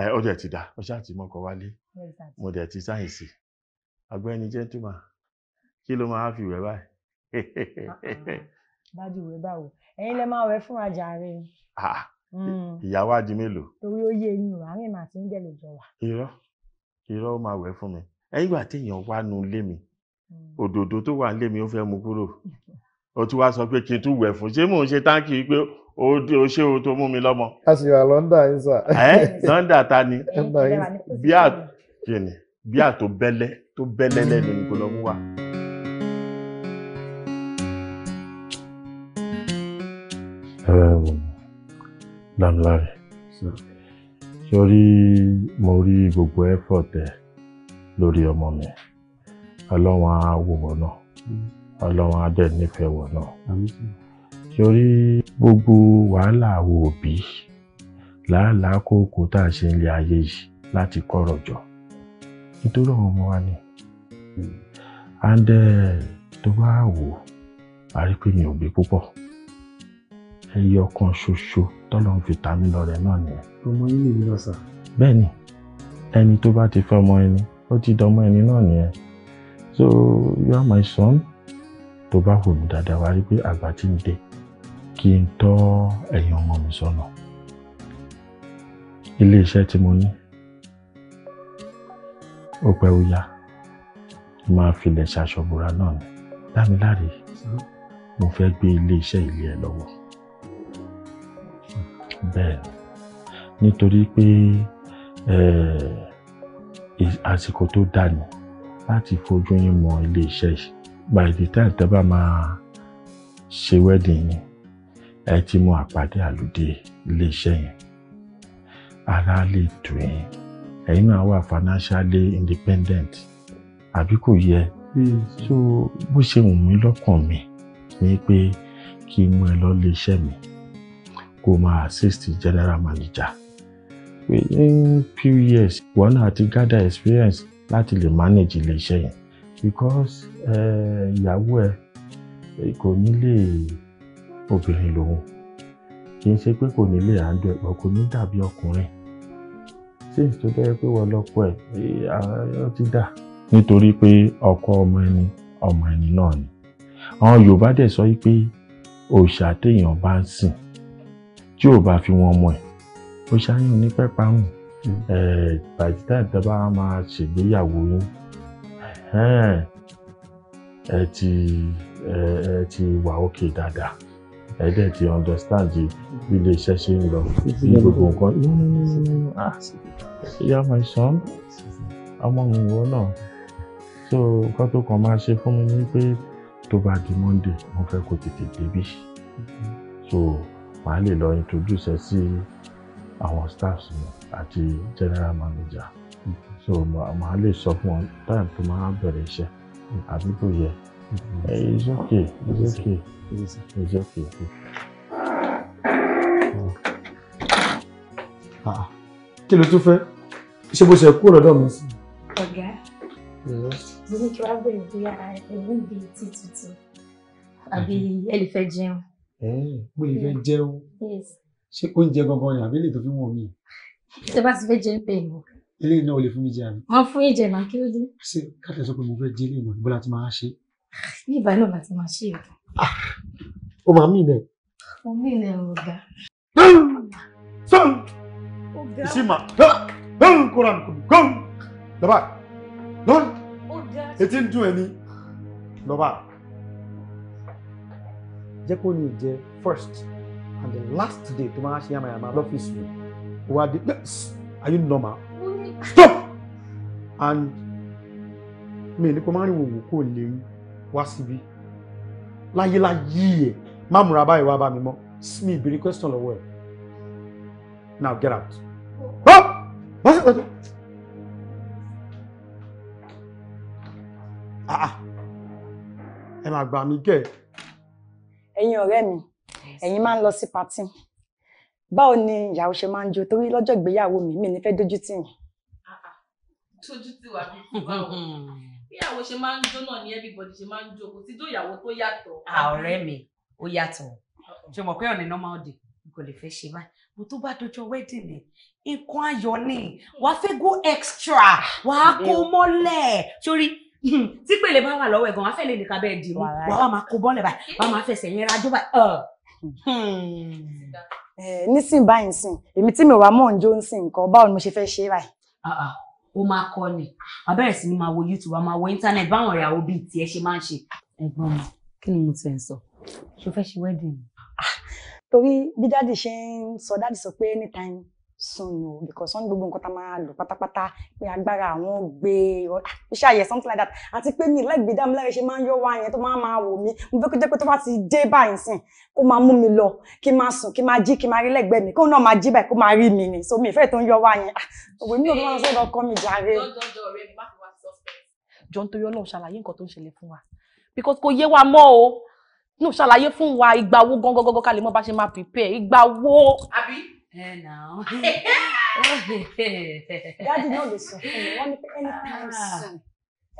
eh, ó dẹ̀ ti dà ó ṣáà ti mọ́kọ wálé mo dẹ̀ ti sáyẹ̀nsì ọgbẹ́ni gentleman kí ló máa fi wẹ̀ báyìí. Ah, bá di ìwé báwo ẹ̀yin lè máa wẹ̀ fún ajá rẹ ìyàwó adi mélòó. torí ó yé eyín o àárín màá ti ń jẹ lójọ wa. irọ́ irọ́ máa wẹ̀ fún mi ẹ̀yìn ìgbà téèyàn wá nu ilé mi hmm. òdòdó tó wà nílé mi ó fẹ́ mu kúrò ó ti wá sọ pé kí n tún wẹ̀ fún ṣé mò ń ṣe táǹkì pé ó dé o ṣé o tó mú mi lọ́mọ. a sì wà lọ́ndà yín sà. ẹ lọ́ndà ta ni bí à kìnnì tó bẹ́lẹ́ tó bẹ́lẹ́ lẹ́nu ni kò lọ́ mú wa. Um, Dámiláre sórí mo rí gbogbo effort ẹ lórí ọmọ mi ọlọ́wọ́n á wò wọ́n náà ọlọ́wọ́n á dẹ̀ nífẹ̀ẹ́ wọ́n náà sórí gbogbo wàhálà àwọn òbí làálàá kókó tá a ṣe ń lé ayé yìí láti kọ́rọ̀ jọ nítorí àwọn ọmọ wa ni hmm. and eh, tó bá wò á rí pé mi ò bí púpọ̀ ẹyọ kan ṣoṣo tọ́lọ́ ń fi ta mí lọ́rẹ náà nìyẹn. ọmọ yín lè mìíràn sà. bẹ́ẹ̀ ni ẹni tó bá ti fẹ́ ọmọ ẹni ó ti dọmọ ẹni náà nìyẹn so you are my son tó bá wò mí dáadáa wá rí pé àgbà ti ń dé kí n tọ́ ẹ̀yìn ọmọ mi sọ́nà ilé iṣẹ́ tí mo ní ó pẹ́ ó yá máa filẹ̀ ṣaṣọ́bùra náà ni dámiláre mo fẹ́ gbé ilé ilé ẹ lọ́wọ́ bẹ́ẹ̀ nítorí pé àsìkò tó dáa ni láti fojú yín mọ iléeṣẹ́ yìí by the time tẹ́ bá máa ṣe wedding yín ẹ ti mọ àpàdé àlùdé iléeṣẹ́ yẹn ara lè tù yín ẹ̀yin náà wà financially independent àbí kò yẹ so bó ṣe wù mí lọ́kàn mi ni pé kí n mú ẹ lọ iléeṣẹ́ mi kó máa assist general manager within few years ìwọ náà ti gather experience láti lè manage iléeṣẹ́ yẹn because eh, ìyàwó ẹ eh, kò ní lè obìnrin lòun kì í ṣe pé kò ní lè àndó kò ní dàbí ọkùnrin since tó bẹ́ẹ̀ pé wọ́n lọ́kọ ẹ̀ ọ eh, ti dà nítorí pé ọkọ ọmọ ẹni ọmọ ẹni náà ni àwọn Yorùbá dẹ̀ sọ pé òòṣà téèyàn bá ń sìn tí ò bá fi wọn mọ ẹ̀ ó ṣáyún ní pẹ́pàmù bàjẹ́ dáadáa bá máa ṣègbéyàwó yín ẹ ti ẹ ti wà òkè dáadáa ẹ dẹ̀ ti understand bí ilé iṣẹ́ ṣe ń lọ ní gbogbo nǹkan ah, yá my son ọmọ mi wọ náà so nǹkan tó kàn máa ṣe fún mi ni pé tó bá di Monday mo fẹ́ kó tètè débí hmm. so màá lè lọ introduce ẹ sí àwọn staffs mi àti general manager so màá lè sọ fún wọn time tó máa bẹ̀rẹ̀ iṣẹ́ àbí tó yẹ it's okay it's okay it's okay. It's ah, okay. Ah. kí ló tún fẹ́ ṣé bó ṣe kú lọ́dọ̀ mi sí. ọ̀gá mo ní kí wàá bẹ̀rẹ̀ bóyá eh, ẹ̀mí bíi tí tuntun àbí ẹ lè fẹ́ jẹun pé ìfẹ́ hmm. jẹun ṣé oúnjẹ gangan ni àbí lè tó fi wọ̀n mi. tẹ bá ti fẹ́ jẹ ń bẹ̀ mọ́. eléyìí náà ò lè fún mi jẹ àná. wọn fún ìjẹ náà kí ló dé. ṣé káàkiri sọ pé mo fẹ́ jẹ eléyìí náà bọ́lá ti máa ṣe. bí ìbá náà láti máa ṣe èdè. o ah, máa mí o mí ilẹ̀ ọ̀gá. ọ̀gá. ìsìnmà kóra mi kò mí gọ́n lọ́ba lọ́ba etí ń dún ẹni lọ́ba jẹ́ kó ní ìjẹ first and the last day tó máa ṣe àmàyàmà lọ́fíìsì mi wà á di are you normal stop and mi ní kó má rìn wòwò kó lè wá síbi láyéláyé ẹ̀ má múra báyìí wá bá mi mọ́ mi ìbéèrè question lọ́wọ́ ẹ̀ now get out. Oh! What's it? Ah ah ẹ máa gbà mí kẹ́ ẹ̀yin ọ̀rẹ́ mi ẹ̀yin máa ń lọ sí patí báwo ni ìyàwó ṣe máa ń jó torí lọ́jọ́ ìgbéyàwó mi mi ní fẹ́ dójú tì yín. Ah, ah. tójú tì wá bí báwo ìyàwó ṣe máa ń jó náà ni everybody ṣe máa ń jó kò sí jó ìyàwó tó yàtọ̀. Ah, ọ̀rẹ́ mi ó yàtọ̀ ṣe mọ̀ pé ọ̀nì normal day kò lè fẹ́ ṣe báyìí mo tó bá dojọ́ wedding ni nǹkan ayọ̀ ni wàá fẹ́ go extra wàá kó mọ́lẹ̀ sórí tí pèlè bá wà lọ́wọ́ ẹ̀gàn wàá fẹ́ lè nìkan bẹ́ẹ̀ dì mú wàá máa kó bọ́ọ̀lù báyìí wàá máa fẹsẹ̀ yẹn rajó báyìí. Hmm. Eh, nísìn báyìí sìn èmi tí mi wà mọ̀ ń jó ń sìn nǹkan báwo ni mo ṣe fẹ́ ṣe báyìí. ó máa kọ́ ni wàá bẹ̀rẹ̀ sí ni máa wo youtube wàá máa wo internet báwọn ìyàwó bíi tiẹ̀ ṣe máa ń ṣe. ẹ̀gbọ́n mi kí ni mo ti ẹ̀ sọ ṣo fẹ́ ṣe wedding. Ah, torí bí dáàdì ṣe ń sọ dáàdì sọ pé anytime sọnù o because wọn ní gbogbo nǹkan tá a máa lò pátápátá pé agbára àwọn gbé e, ah, iṣẹ́ àyẹ̀ something like that àti pé mi lẹ́gbẹ̀ẹ́ dá mi lẹ́rẹ̀ ṣe máa ń yọ wá yẹn tó máa máa wò mí mo fẹ́ kó jẹ́ pé tó bá ti dé báyìí sìn kó máa mú mi lọ kí máa sùn kí máa jí kí máa rí lẹ́gbẹ̀ẹ́ mi kó náà máa jí báyìí kó máa rí mi ni so mi ìfẹ́ tó ń yọ wá yẹn ah, òwe mi ò fi máa ń sọ̀rọ̀ ọkọ mi jàre. jọ nítorí Ọlọ́run ṣàlàyé nǹkan tó ń ṣẹlẹ̀ fún wa because kò yé wa mọ́ o no ṣàlàyé fún wa ìgbà wo gangan gangan ká lè mọ̀ bá ṣe máa prepare ìgbà wo. àbí ẹ nà ó. dádì náà lè sọ fún anytime ah. soon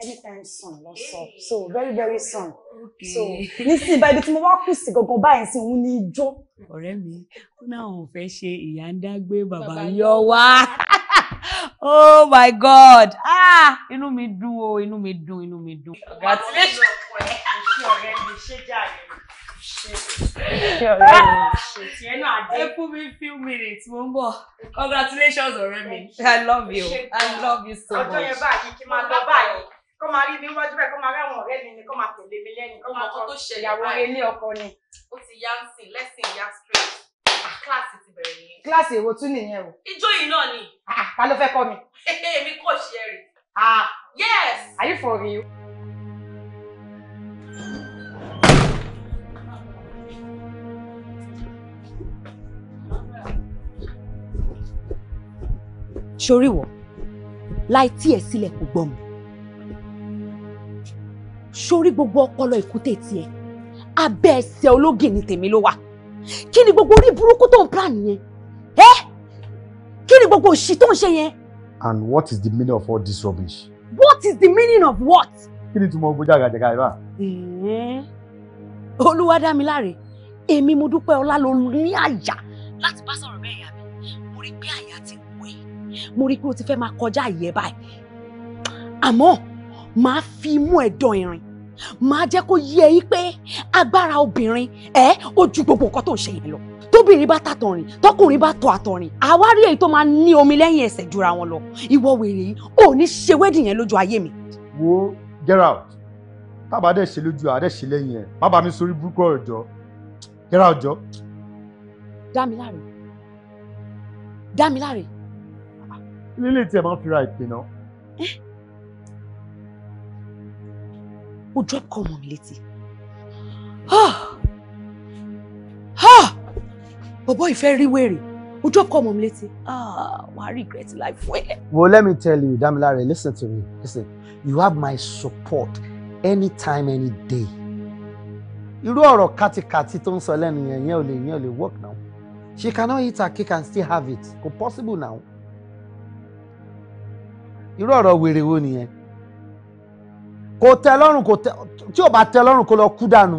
anytime soon lọ sọ so very very soon so Listen, by the time wá kù sí gangan báyìí sí òun ní ijó. ọ̀rẹ́ mi ó náà wọn fẹ́ ṣe ìyá ń dágbé oh my god ah inú mi dùn o inú mi dùn inú mi dùn. ọ̀gá tí lè ṣe ṣètì ẹnu àdé. ẹ fún mi few minutes mo ń bọ̀ congratulations ọ̀rẹ́ mi i love you i love you so much. ọjọ́ yẹn báyìí kí n máa lọ báyìí kó máa rí mi wájú bẹ́ẹ̀ kó máa rí àwọn ọ̀rẹ́ mi ni kó máa tẹ̀lé mi lẹ́yìn kó máa tọ́ ìyàwó ilé ọkọ ni. ó ti yá ń sìn lẹ́sìn ìyá straight ah, kíláàsì ti bẹ̀rẹ̀ nìyẹn. kíláàsì èwo tún nìyẹn o. ijó yìí náà ni. Ah, ta ló fẹ́ kọ́ mi. èmi kò ṣe é rí. ah yes. are you for real? sórí láì tí ẹ sílẹ̀ kò gbọ́ mi sórí gbogbo ọpọlọ ìkúté tiẹ̀ abẹ́ ẹsẹ̀ ológì ni tèmi ló wà kí ni gbogbo orí burúkú tó ń plan yẹn ẹ kí ni gbogbo òṣì tó ń ṣe yẹn. and what is the meaning of all this rubbish. what is the meaning of what. kí ni túmọ̀ ogun jàgàjàgà ẹ̀ bá. olúwadámiláre èmi mo dúpẹ́ ọlá ló ní àyà láti bá sọ̀rọ̀ bẹ́ẹ̀ yá mi mo rí pé àyà mo rí i pé o ti fẹ́ máa kọjá ìyẹ́ báyìí àmọ́ màá fi imú ẹ̀ dán irin màá jẹ́ kó yé yín pé agbára obìnrin ẹ ó ju gbogbo nǹkan tó ń ṣe yẹn lọ tóbìnrin bá tàtàn rìn tọkùnrin bá tọ àtàn àwárí èyí tó máa ní omi lẹ́yìn ẹsẹ̀ jura wọn lọ ìwọ wèrè yìí ò ní ṣe wẹ́dìn yẹn lójú ayé mi. wo get out tábà dẹ̀ ṣe lójú àdẹ̀ ṣe lẹ́yìn ẹ̀ má mi sórí burúkú ọ̀rọ̀ jọ get out jọ. dámiláre dámiláre lílé tí ẹ máa ń fira ìpè náà. mo drop call mọ́ mi létí. bọ̀bọ̀ ìfẹ́ rí wèrè mo drop call mọ́ mi létí. wà á regret life fún well let me tell you damilare listen to me listen you have my support anytime any day. irú ọ̀rọ̀ kátikàti tó ń sọ lẹ́nu yẹn yẹn ò lè yẹn ò lè work now she cannot eat her cake and still have it kò possible now irú ọ̀rọ̀ wèrè wo nìyẹn kò tẹ́ lọ́rùn kò tẹ́ tí ò bá tẹ́ lọ́rùn kò lọ kú dànù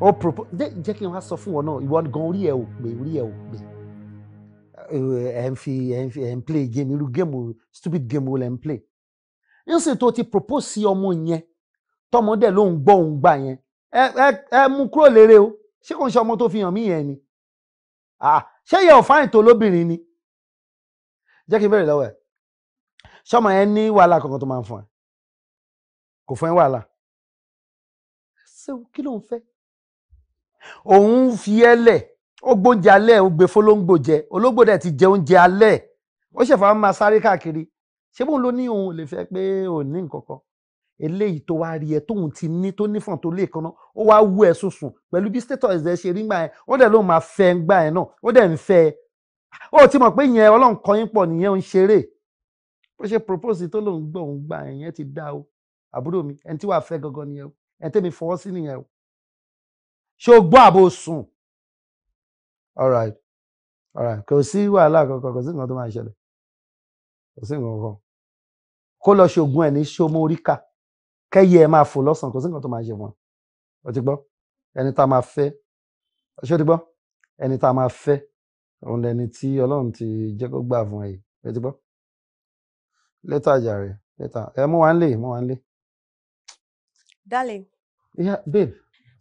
ó propose jẹ́ kí n wá sọ fún wọn náà ìwọ gan orí ẹ̀ ò pé orí ẹ̀ ò pé ẹ̀ ń fi ẹ̀ ń fi ẹ̀ ń play game irú game stupid game o lẹ̀ ń play ń sì tó ti propose sí ọmọ yẹn tọmọdé ló ń gbọ́ òun gbà yẹn ẹ ẹ ẹ mú kúrò lérè o ṣé kò ń ṣe ọmọ tó fi hàn mí yẹn ni ṣé yẹ ò tó lóbìnrin ni jẹ́ kí n bẹ̀rẹ̀ lọ́wọ́ ẹ̀ ṣọ́mọ ẹ ní wàhálà kankan tó máa ń fún ẹ kò fún ẹ wàhálà ṣé kí ló ń fẹ́ òun fi ẹ lẹ̀ ó gbóúnjẹ alẹ́ ó gbé fọlọ́ngbò jẹ ológbò dẹ̀ ti jẹ oúnjẹ alẹ́ ó ṣẹ̀fà máa sáré káàkiri ṣé bóun ló ní òun lè fẹ́ pé òun ní nǹkan kan eléyìí tó wá rí ẹ tóun ti ní tó nífọ̀n tó lè kanná ó wá wú ẹ sùn sùn pẹ̀lú bí status ẹ ṣe rí gbà yẹn ó dẹ̀ ló máa fẹ́ gbà yẹn náà ó dẹ̀ ń fẹ́ ó ti mọ̀ pé ìyẹn ọlọ́run kọ yín pọ̀ nìyẹn ń ṣeré bó ṣe propose tó lòun gbọ́ òun gbà ẹ̀yẹn ti dá o àbúrò mi ẹni tí wàá fẹ́ gangan nìyẹn o ẹni tẹ́mi fọwọ́ sí nìyẹn o ṣé o gbọ́ àbò sùn all right all right kò sí wàhálà kankan kò sí nǹkan tó máa ṣẹlẹ̀ kò sí nǹkan kan kó lọ ṣoògùn ẹ̀ ní ṣomorika kẹ́yẹ ẹ̀ máa fò lọ́sàn kò sí nǹkan tó máa ṣe wọn o ti gbọ́ ẹni tá a máa fẹ́ ṣé o ti gbọ́ ẹni tá a máa fẹ́ òun lẹni tí ọlọ́run ti jẹ́ kó gbà fún ẹ yìí ẹ ti gbọ́ lẹ́tà jàre lẹ́tà ẹ mú wa ń lè mú wa ń lè. darling. yeah babe.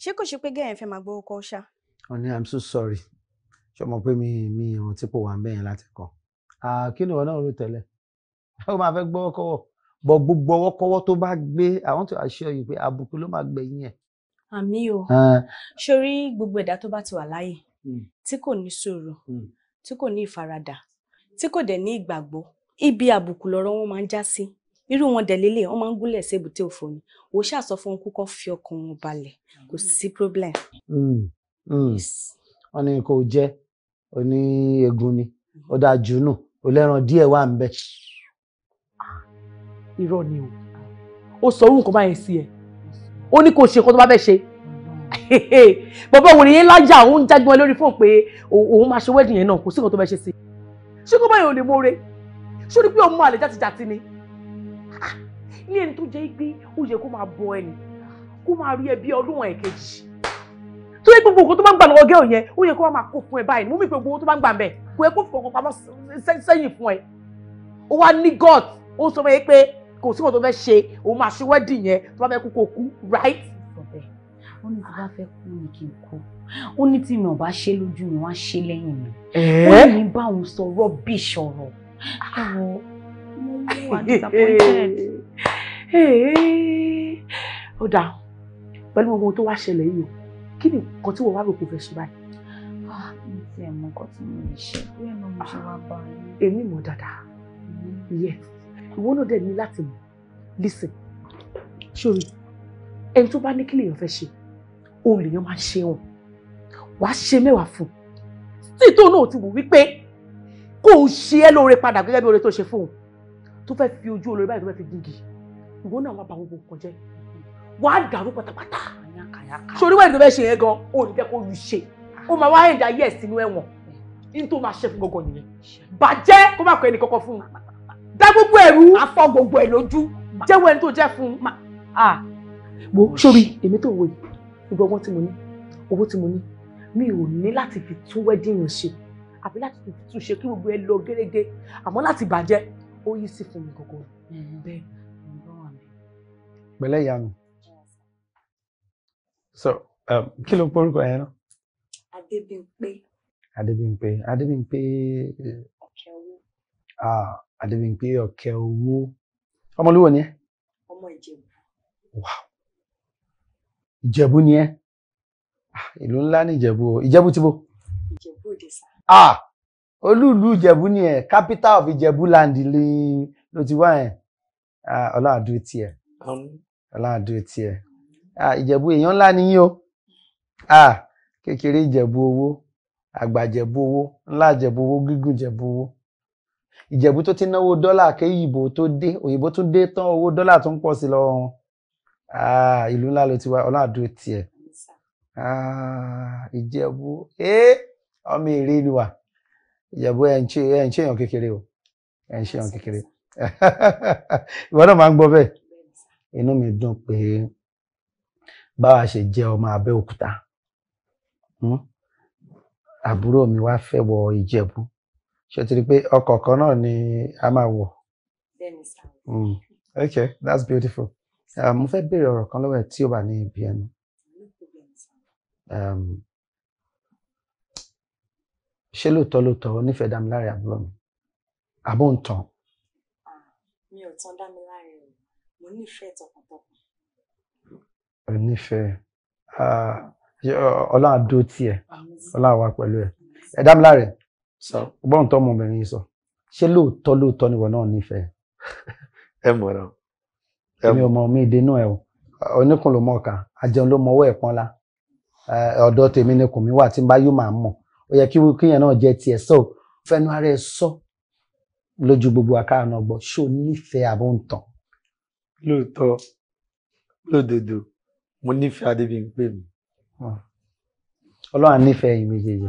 ṣé kò ṣe pé gẹ́yìn fẹ́ máa gbowó kọ́ ṣá. honey i'm so sorry ṣé o mọ̀ pé mi mi ìran tí kò wà ń bẹ̀yẹn láti kàn kí ni ìwọ náà rò tẹ́lẹ̀ ó máa fẹ́ gbọ́wọ́ kọ́wọ́ bọ̀ gbogbo ọwọ́ kọ́wọ́ tó bá gbé i want to assure you pé àbùkù ló máa gbẹ̀yìn ẹ̀. àmì o sórí gbogbo ẹ̀dá tó bá ti wà láyé Hmm. tí kò ní sùúrù hmm. tí kò ní ìfaradà tí kò dẹ̀ ní ìgbàgbọ́ ibi àbùkù lọ́rọ̀ wọn máa ń já sí irú wọn dẹ̀ lélẹ̀ wọn máa ń gúnlẹ̀ sí èbúté òfò ni wò ṣáà sọ fún kókó fi ọkàn wọn balẹ̀ kò hmm. sí problem. wọn ní kò jẹ oní egun ni ó dáa jù nù olẹ́ran díẹ̀ wà ń bẹ̀. irọ́ ni o ó sọ orúkọ báyẹn sí ẹ ó ní kó ṣe kó tó bá fẹ́ ṣe bàbá òwòrán yẹn lájà òun jágbọn lórí fóun pé òun máa ṣe wedding yẹn náà kò sí nǹkan tó bẹ́ẹ̀ ṣe sí ṣé kó báyìí ò lè mọ́re ṣó ni pé òun mú àlè jàtijàti ni ní ẹni tó jẹ́ pé ó yẹ kó máa bọ ẹni kó máa rí ẹbí ọdún ẹ̀kejì tó yẹ gbogbo nǹkan tó máa ń gbà lọ́wọ́ gẹ́ọ̀ yẹn ó yẹ kó máa kó fún ẹ báyìí mú mi pé gbogbo tó máa ń gbà bẹ́ẹ̀ kó yẹ kó fọkàn pamọ́ sẹ́yìn fún ẹ ó wá ní god ó sọ fún ẹ pé kò sí nǹkan tó fẹ́ ṣe òun máa ṣe wedding yẹn tó bá fẹ́ kú kó kú right ó ní tí bá fẹ́ kú ni kí n kú ó ní tí mi ò bá ṣe lójú mi wọ́n ṣe lẹ́yìn mi ó ní bá òun sọ rubbish ọ̀rọ̀ ẹ mo wà disappointed. ó dáa pẹ̀lú ohun tó wá ṣẹlẹ̀ yìí o kí ni nǹkan tí wọ́n wá rò kó fẹ́ ṣe báyìí. Ah, mi ti ẹ̀ mọ nǹkan tí mo lè ṣe bóyá náà mo ṣe wá bá a. èmi mọ̀ dáadáa mm-hmm. ìwọ náà dẹ̀ ní láti mọ̀ listen ẹni tó bá ní kí lèèyàn fẹ́ ṣe òun lèèyàn máa ṣe hàn wàá ṣe mẹ́wàá fún un tí tóun náà ti wò wípé kò ṣe é lóore padà gẹ́gẹ́ bí oore tó ṣe fún un tó fẹ́ fi ojú olórí báyìí tó fẹ́ fi gígì ìwọ náà wàá bà gbogbo nǹkan jẹ́ wàá dàrú pátápátá sórí wẹ́ẹ̀dì tó fẹ́ ṣe yẹn gan ò ní jẹ́ kó lu ṣe o máa wá ẹ̀dá yẹ̀ sínú ẹ̀wọ̀n ní tó máa ṣe fún gbogbo nìyẹn bàjẹ́ kó má kọ ẹnì kankan fún un dá gbogbo ẹ̀rú afọ gbogbo ẹ̀ lójú jẹ́wọ́ ẹni tó jẹ́ fún un. Ah. wo sórí èmi tó wò yìí gbogbo ọgbọ́n tí mo ní owó tí mo ní mi ò ní láti fi tún wedding yẹn ṣe àbí láti fi tún ṣe kí gbogbo ẹ lọ gẹ́gẹ́ àmọ́ láti bàjẹ́ ó yí sí fún mi gògó mm-hmm. bẹ́ẹ̀ ni wọ́n wà mí. pẹ̀lẹ́ ìyá mi so um, kí ló porúkọ yẹn náà. Adébímpé. Adébímpé Adébímpé. Eh, Ọ̀kẹ́ owó. ah Adébímpé Ọ̀kẹ́ owó ọmọlúwo ni ẹ. ọmọ Ìjẹ̀bú. wow ìjẹ̀bú ni ẹ́ ah, ìlú ńlá ní ìjẹ̀bú o ìjẹ̀bú ti bo. ah olúùlú ìjẹ̀bú ni ẹ̀ capital of ìjẹ̀bú land ni ló ti wá yẹn ọláàdú tiẹ̀ ọláàdú tiẹ̀ ìjẹ̀bú èèyàn ńlá ni yín o ah kékeré ìjẹ̀bú owó àgbà ìjẹ̀bú owó ńlá ìjẹ̀bú owó gígùn ìjẹ̀bú owó ìjẹ̀bú tó ti náwó dọ́là kéyìnbó tó dé òyìnbó tún dé tán owó dọ́là tó ń pọ̀ sí lọ́wọ́ wọn. Ah, ìlú ńlá ló ti wá ọlọ́àdó tiẹ̀ ah, ìjẹ̀bú eh, ọmọ èrè ni wà ìjẹ̀bú ẹ̀ ń ṣe èèyàn kékeré o ẹ̀ ń ṣe èèyàn kékeré ìwọ náà máa ń gbọ́ bẹ́ẹ̀ inú mi dùn pé báwa ṣe jẹ́ ọmọ Abẹ́òkúta hmm? àbúrò mi wá fẹ́ wọ ìjẹ̀bú ṣe ti rí pé ọkọ̀ kan náà ni a máa wọ̀. Hmm. ok that's beautiful mo fẹ́ béèrè ọ̀rọ̀ kan lọ́wọ́ ẹ̀ tí ó bá ní ibi ẹnu. ṣé lóòótọ́ lóòótọ́ o nífẹ̀ẹ́ Dámiláre àbúrò mi àbó ń tàn. Ah, mi ò tán Dámiláre o mo nífẹ̀ẹ́ tọkàntọkàn. ò nífẹ̀ẹ́ ọlọ́run àdó tiẹ̀ ọlọ́run àwa pẹ̀lú ẹ̀ ẹ̀ Dámiláre gbọ́n tó ọmọbìnrin yìí sọ ṣé lóòótọ́ lóòótọ́ ni wọn náà nífẹ̀ẹ́. ẹ mọ̀ èmi ò mọ mi ìdènà ẹ o oníkùn ló mọ ọkà ajẹun ló mọ ọwọ́ ẹpọn la ọ̀dọ̀ tèmi ni kùn wà tí n bá yóò máa mọ ó yẹ kí kíyàn náà jẹ tiẹ̀ sọ fẹnu ara ẹ sọ lójú gbogbo akáàánú ọgbọ ṣó nífẹ̀ẹ́ àbóǹtàn. lóòótọ́ lódodo mo nífẹ̀ẹ́ adébíyìnpé mi. ọlọ́run nífẹ̀ẹ́ yìí méjèèjì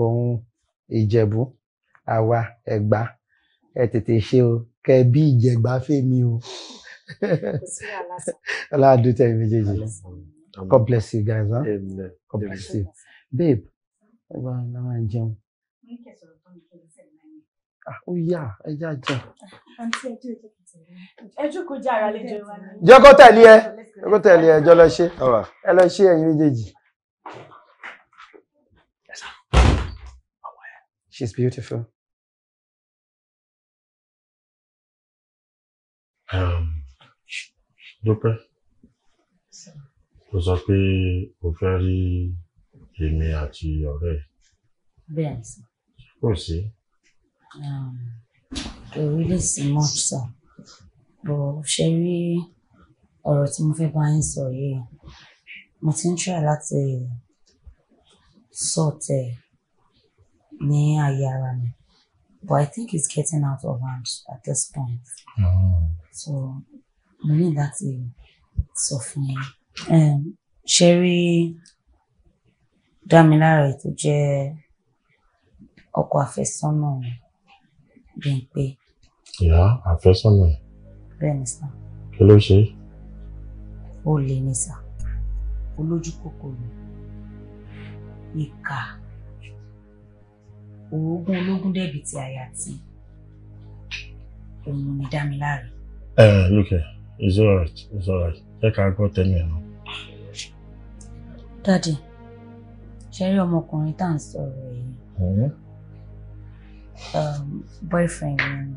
òun ìjẹ̀bú àwa ẹ̀gbá ẹ tètè ṣe o kẹbí ìjẹgbà fèmí o aláàdó tẹ méjèèjì God bless you guys huh? Amen. God bless you babe ẹ bá ẹ máa jẹun. ó yà ẹ yà jẹ. ẹjú kò jẹ ara lẹjọ wa. jẹ́ kó tẹ̀lé ẹ jẹ́ kó tẹ̀lé ẹ jọ lọ ṣe ẹ lọ ṣe ẹ̀yin méjèèjì. She's beautiful. dúpẹ́ o sọ pé o fẹ́ rí èmi àti ọ̀rẹ́ ẹ̀. bẹ́ẹ̀ sà. kò sí. there really is much sir bọ̀ ṣe rí ọ̀rọ̀ tí mo fẹ́ bá yín sọ yìí mo ti ń try láti sọ̀tẹ̀ ní àyè ara mi. But I think it's getting out of hand at this point. Oh. So, mo that's a suffering. fún Sherry, um, Ṣé rí Dámiláre tó jẹ́ ọkọ àfẹ́sọ́nà Bímpé? Ìyá àfẹ́sọ́nà. Bẹ́ẹ̀ni sá. Kí ló ṣe? Ó lè ní sá orogún ológun dẹ̀bi ti àyà tí òun ni dámiláre. ẹ ẹ lókè it's alright it's alright jẹ ká gbọ́ tẹnu ẹ náà. dádì ṣe rí ọmọkùnrin tá à ń sọ̀rọ̀ yìí um, boyfriend mi ni.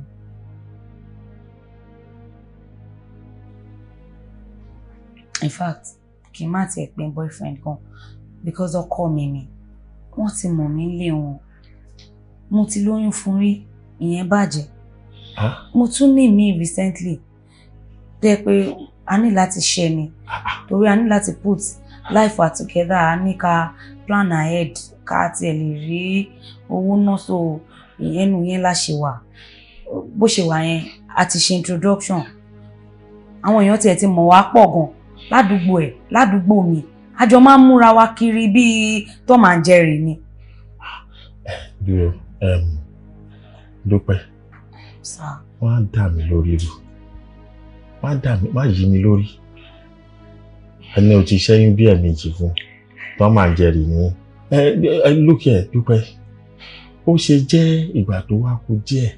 in fact kì í má tiẹ̀ pín boyfriend kan because ọkọ mi ni wọ́n ti mọ̀ mí lé wọn mo ti lóyún fún rí ìyẹn bàjẹ́ mo tún ní mi recently tẹ́ pé a ní láti ṣe ni ah, ah. torí a ní láti put life wa together a ní ká plan ahead ká tiẹ̀ lè rí owó náà so ìyẹn nu yẹn la wà bó ṣe wà yẹn a ti ṣe introduction àwọn èèyàn tiẹ̀ ti mọ̀ wá pọ̀ gan ládùúgbò ẹ̀ ládùúgbò mi a jọ máa ń múra wa kiri bíi Tom and Jerry ni. Ah, dúró dúpẹ́ wọ́n á dà mí lórí rú má dà mí má yí mi lórí ẹni ò ti ṣẹ́yìn bí ẹ̀mejì fún tó máa jẹ̀rì ní ẹ lókè ẹ̀ dúpẹ́ ó ṣe jẹ́ ìgbà tó wá kú díẹ̀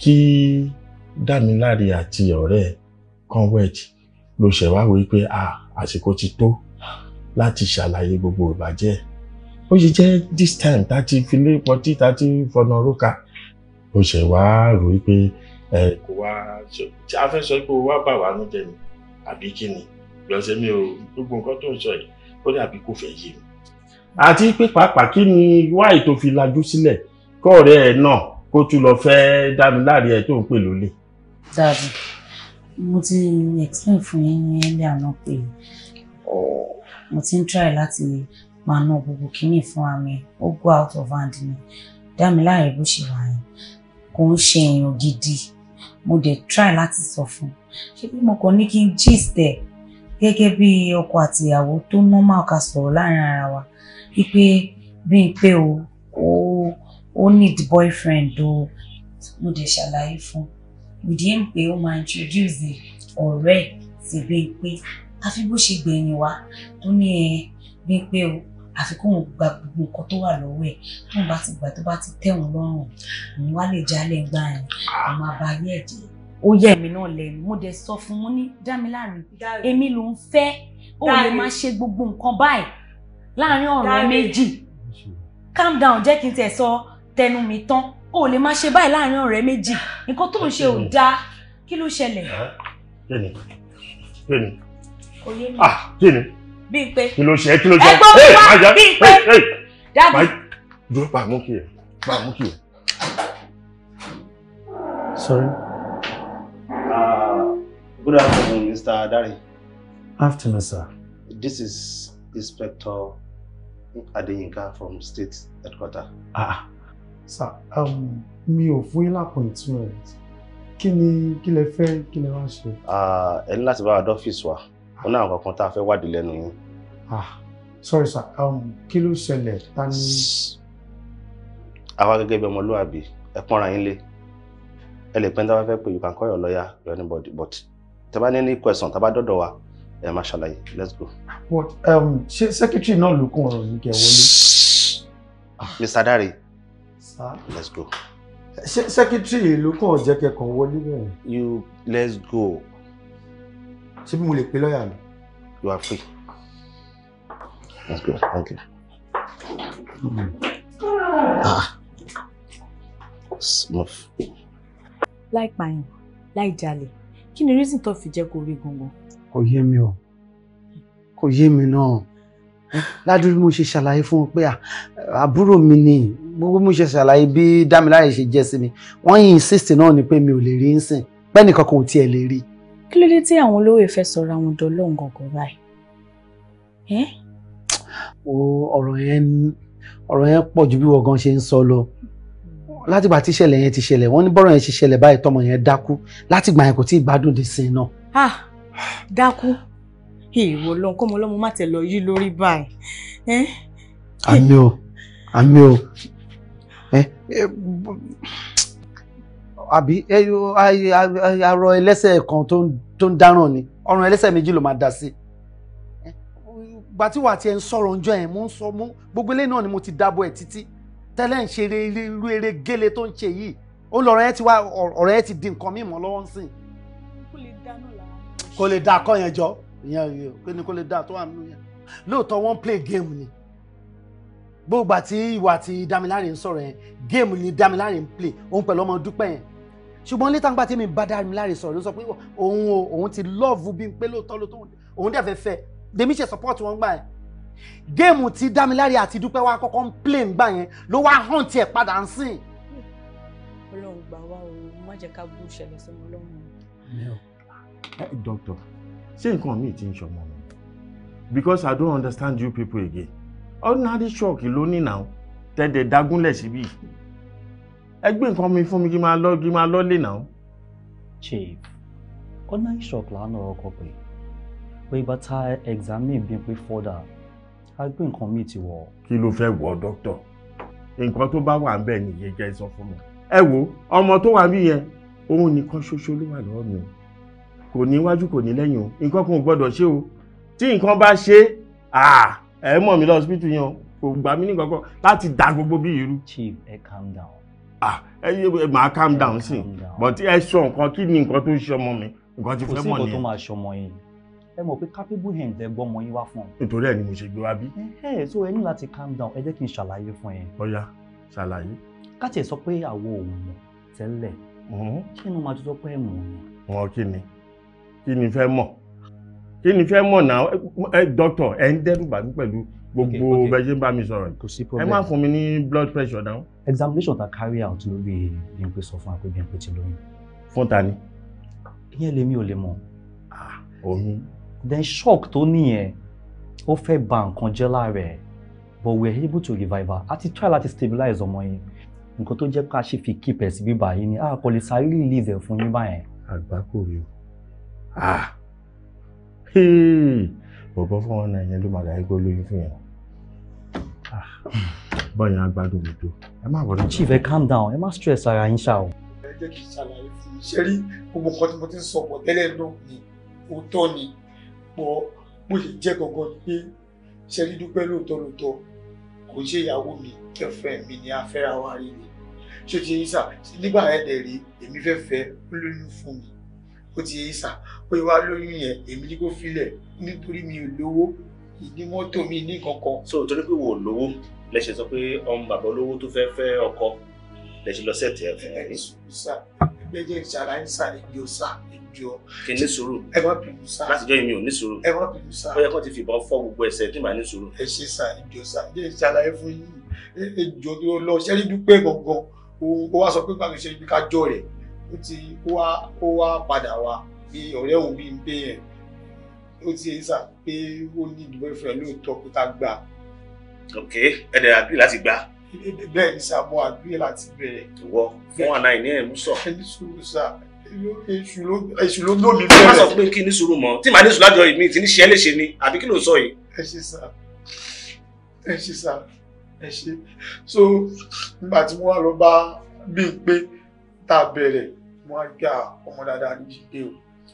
kí dámiláre àti ọ̀rẹ́ conwet ló ṣẹ̀wá wí pé àsìkò ti tó láti ṣàlàyé gbogbo ìbàjẹ́ ó ṣe jẹ́ this time tá a ti fi lé pọtí tá a ti fọnà róka ó ṣe wá rò ó pé ẹ kò wá ṣe a fẹ́ sọ pé o wá bà wá nú jẹ ni àbí kí ni lọ́sẹ̀ mi ò gbogbo nǹkan tó ń sọ yìí ó dàbí kò fẹ́ yé mi. àti pé pàápàá kí ni wáì tó fi lajú sílẹ̀ kọ́ ọ̀rẹ́ ẹ̀ náà kó tún lọ fẹ́ dá mi láàrin ẹ̀ tó ń pè lólè. dáàbò mo ti explain fún yín ní ẹlẹ́ àná pé mo ti ń try láti máa ná gbogbo kínní fúnra mi ó go out of hand ni dámiláre bó ṣe wà yẹn kò ń ṣe èèyàn gidi mo dẹ̀ try láti sọ fún ṣé bí mo kàn ní kí n gist ẹ̀ gẹ́gẹ́ bí ọkọ àti ìyàwó tó normal ká sọ̀rọ̀ láàrin ara wa wípé bíi pé o ó ó need boyfriend o mo dẹ̀ ṣàlàyé fún wìdíẹ̀ pé ó máa introduce ọ̀rẹ́ ẹ̀ sí bíi pé àfi bó ṣe gbẹ̀yìn wá tó ní ẹ bíi pé o àfi kóun gba gbogbo nǹkan tó wà lọ́wọ́ ẹ̀ tóun bá ti gbà tó bá ti tẹ̀wọ̀n lọ́rùn òun wá lè jálẹ̀ gbà yẹn òun máa ba ayé ẹ̀ jẹ́. ó yẹ èmi náà lẹ́nu mo dẹ̀ sọ fún un ní dámiláre èmi ló ń fẹ́ ó lè máa ṣe gbogbo nǹkan báyìí láàárín ọ̀ràn méjì calm down jẹ́ kí n tẹ̀ sọ tẹnu mi tán o lè máa ṣe báyìí láàrin ọ̀rẹ́ méjì nǹkan tó ń ṣe ò dáa kí ló ṣẹlẹ̀. kíni kíni kíni bíi pé. kí ló ṣe kí ló ṣe. ẹgbẹ́ òun bíi pé. dábì. dúró pa àmú kí ẹ pa àmú kí ẹ. sorry. Uh, good afternoon Mr. Dare. afternoon sir. this is Inspector Adeyinka from State Headquarters. ah sir um, mi ò fún yín lápọ̀ntún ẹ̀ kí ni kí lẹ fẹ́ kí lẹ wá ṣe. Uh, ẹ ní láti bá wa dọ́fíìsì wa ó náà kankan tá a fẹ́ wádìí lẹ́nu yín. ah sorry sir um, kí ló ṣẹlẹ̀ ta ni. àwa gẹ́gẹ́ bí ọmọlúwàbí ẹ pọ́nra yín lé ẹ lè pẹ́ ní táwa fẹ́ pé you can call your lawyer your anybody but tẹ bá ní ní question tá a bá dọ́dọ̀ wa ẹ máa ṣàlàyé let's go. but um, ṣé secretary náà ló kún ọ̀rọ̀ yìí kẹ́ wọlé. Ah, mr dare let's go. secretary ló kàn jẹ́ kẹ́kọ̀ọ́ wọlé bẹ́ẹ̀. you let's go ṣé bí mo lè pe lọ́ọ̀yà mi. you are free. that's good thank you. Mm. Ah. smooth. láì pààyàn láì jalè kí ni reason tó fi jẹ́ kó rí gangan. kò yé mi o kò yé mi náà ládùúgbò mo ṣe ṣàlàyé fún wọn pé àbúrò mi ni gbogbo mo ṣe ṣàlàyé bí dámiláyè ṣe jẹ́ sí mi wọ́n yìí insist náà ni pé mi ò lè rí ń sìn pẹ́ẹ́nì kankan ò tiẹ̀ lè rí i kí ló dé tí àwọn olówó fẹ́ sọ̀rọ̀ àwọn ọ̀dọ́ lóhùn gọ̀gọ̀ báyìí. ọ̀rọ̀ yẹn ọ̀rọ̀ yẹn pọ̀ ju bí wọ́n gan ṣe ń sọ lọ látìgbà tí ìṣẹ̀lẹ̀ yẹn ti ṣẹlẹ̀ wọ́n ní bọ́rọ̀ yẹn ṣe ṣẹlẹ̀ báyìí tọmọ yẹn dákú látìgbà yẹn kò tí ì gbádùn dé sin náà. ah dákú ìwọ lọ́n kọ́mọ lọ́mọ má tẹ̀ lọ yí lórí báyìí. àmì o àmì o àbí arọ ẹlẹ́sẹ̀ kan tó ń dáràn ni ọrùn ẹlẹ́sẹ̀ méjì ló máa dá sí ìgbà tí wàá tiẹ̀ ń sọ̀rọ̀ ọjọ́ yẹn mo ń sọ mo gbogbo ilé náà ni mo ti dábọ̀ ẹ̀ títí tẹ́lẹ̀ ń ṣe irú eré gélé tó ń ṣe yìí ó lọ ọ̀rẹ́ ti wá ọ̀rẹ́ ti di nǹkan mímọ́ lọ́wọ́ ń sìn. kò lè dá náà lára. kò lè dá akọ yẹn jọ ìyẹn kò ní kò lè dá tó wà nínú yẹn lóòótọ́ wọ́n play game ni gbogbo àti ìwà àti Dámiláre ń sọ̀rọ̀ yẹn game ni Dámiláre ń play òun pẹ̀lú ọmọ Dúpẹ́ yẹn ṣùgbọ́n létà ń gbà tí mi bá dára mi láre sọ̀rọ̀ ló sọ pé òun o òun ti lọ́ọ̀vù bí n pé lóòótọ́ ló tó òun dẹ̀ fẹ́ fẹ́ dèmi ṣe support wọn gbà yẹn géèmù ti dámiláre àti dúpẹ́ wa kọ́kọ́ ń play ń gbà yẹn ló wá hàn tiẹ̀ padà ń sìn. ọlọ́run gbà wá o má jẹ́ ká bú ṣẹlẹ̀ sí mi lọ́rùn. dókítà ṣé nǹkan mi ti ń ṣọmọ mi because i don't understand you people again ordinary shock ló ní now tẹ́tẹ̀ dágúnlẹ̀ síbí. Si ẹ gbé nǹkan mi fún mi kí n máa lọ kí n máa lọ lè nà ó. chief ọ̀nà ìṣọ̀kì lánàá ọkọ̀ pé pé bá ta examine bí pé fọ́dà a gbé nǹkan mi ti wọ̀. kí ló fẹ́ wọ dókítà nǹkan tó bá wà ń bẹ̀ nìyẹn jẹ́ sọ fún mi. ẹ wo ọmọ tó wà bí yẹn òun nìkan ṣoṣo ló wà lọ́wọ́ mi o kò ní iwájú kò ní lẹ́yìn o nǹkan kan ò gbọ́dọ̀ ṣe o tí nǹkan bá ṣe ẹ mọ̀ mi lọ yẹn o kò gbà mí ní láti dá gbogbo bí irú. chief ẹ calm down ah ẹ yé màá calm down sí but ẹ sọ nǹkan kí ni nǹkan tó ń ṣe ọmọ mi nǹkan ti fẹ́ mọ̀ nìyẹn. kò sí nǹkan tó máa ṣe ọmọ ẹ mọ̀ pé capable hand ẹ gbọ́ ọmọ yín wá fún ọ. nítorí ẹ ni mo ṣe gbé wá bí. ẹ ẹ so ẹ ní láti calm down ẹ jẹ́ kí n ṣàlàyé fún ẹ. ọ̀ya ṣàlàyé. káti ẹ sọ pé àwo ò mọ̀ tẹ́lẹ̀ kí ni màá tó sọ pé ẹ mọ̀ ni. wọn kí ni kí ni fẹ́ mọ̀ kí ni fẹ́ mọ̀ náà ẹ dọ́tọ̀ ẹ ń dẹ́rù bàbí pẹ̀lú gbogbo bẹ ṣe ń bá mi sọ̀rọ̀ kò sí problem ẹ má fún mi ní blood pressure down. examination ta carry out lórí Bímpé sọ fún wa pé Bímpé ti lóyún. fún ta ni. ìyẹn lèmi ò lè mọ̀. Ah, oyún. then shock tó nìyẹn ó fẹ́ bà nǹkan jẹ́ lára but we are able to revive her àti try láti stabilize ọmọ yẹn nǹkan tó jẹ́ ká ṣe fi keep ẹ̀ sí bíbá yìí ni a ah, kò lè sáré release ẹ̀ fún yín báyẹn. àgbákò rí o ah bọ̀bọ̀ fún ọ̀nà yẹn ló máa dàgbé lóyún fún yẹn. Ah. bọ́yàn agbádùn mi tó. ẹ má wọlé. chief ẹ calm down ẹ má stress ara yín ṣá o. ẹ jẹ́ kí n ṣàlàyé fún yín ṣe rí gbogbo kan tí mo ti ń sọ̀pọ̀ tẹ́lẹ̀ náà ni òótọ́ ni pọ̀ bó ṣe jẹ́ gangan ni pé ṣe rí dúpẹ́ lóòótọ́ lóòótọ́ kò ṣe ìyàwó mi kẹfẹ́ mi ni afẹ́ra wa rí ni ṣé ti yín sà nígbà yẹn dẹ̀ rí èmi fẹ́ fẹ́ lóyún fún mi ó ti yín sà ó yẹ wá lóyún yẹn èmi ní kó filẹ̀ nítorí mi ò lówó ní mọ́tò mi ní kankan. so torí pé wò lówó lẹ́sẹ̀ sọ pé ọmọ bàbá olówó tó fẹ́ fẹ́ ọkọ lẹ́sẹ̀ lọ sẹ́ẹ̀tì ẹ̀ fún mi. sà gbẹ́jẹ́ ìṣàrà ń sà ìjọ sà ìjọ. kí ní sùúrù ẹ má bínú sà láti jọ èmi ò ní sùúrù ẹ má bínú sà bóyá kàn ti fìbọn fọ gbogbo ẹsẹ̀ tí màá ní sùúrù. ẹ ṣe sà ìjọ sà ìjọ ìṣàrà ẹ fún yìí ìjọ tó lọ ṣẹ́rí dúpẹ́ gangan ó wá sọ pé báyìí ṣe ibi ká jọ rẹ̀ ó ti ó wá padà wá bí ọ̀rẹ́ òun bí ń bẹ́ẹ̀ ó ti sà pé ó ní boyfriend lóòótọ́ kó tá gbà. ok ẹ dẹ̀ àbí láti gbà. bẹ́ẹ̀ ni sà mo àbí láti bẹ̀rẹ̀. ìwọ fún àná ìní ẹ̀ mú sọ. ẹ ní sùúrù sà èṣù ló lómi fẹ́rẹ̀. má sọ pé kí ní sùúrù mọ́ tí màá ní sùúrù lájọ mi ti ní ṣe é léṣe ni àbí kí ló ń sọ yìí. ẹ ṣe sà ẹ ṣe sà ẹ ṣe so nígbà tí mo wá lọ bá bí n pé tá a bẹ̀rẹ̀ mo á gbà ọmọ dáadáa ní jíde o.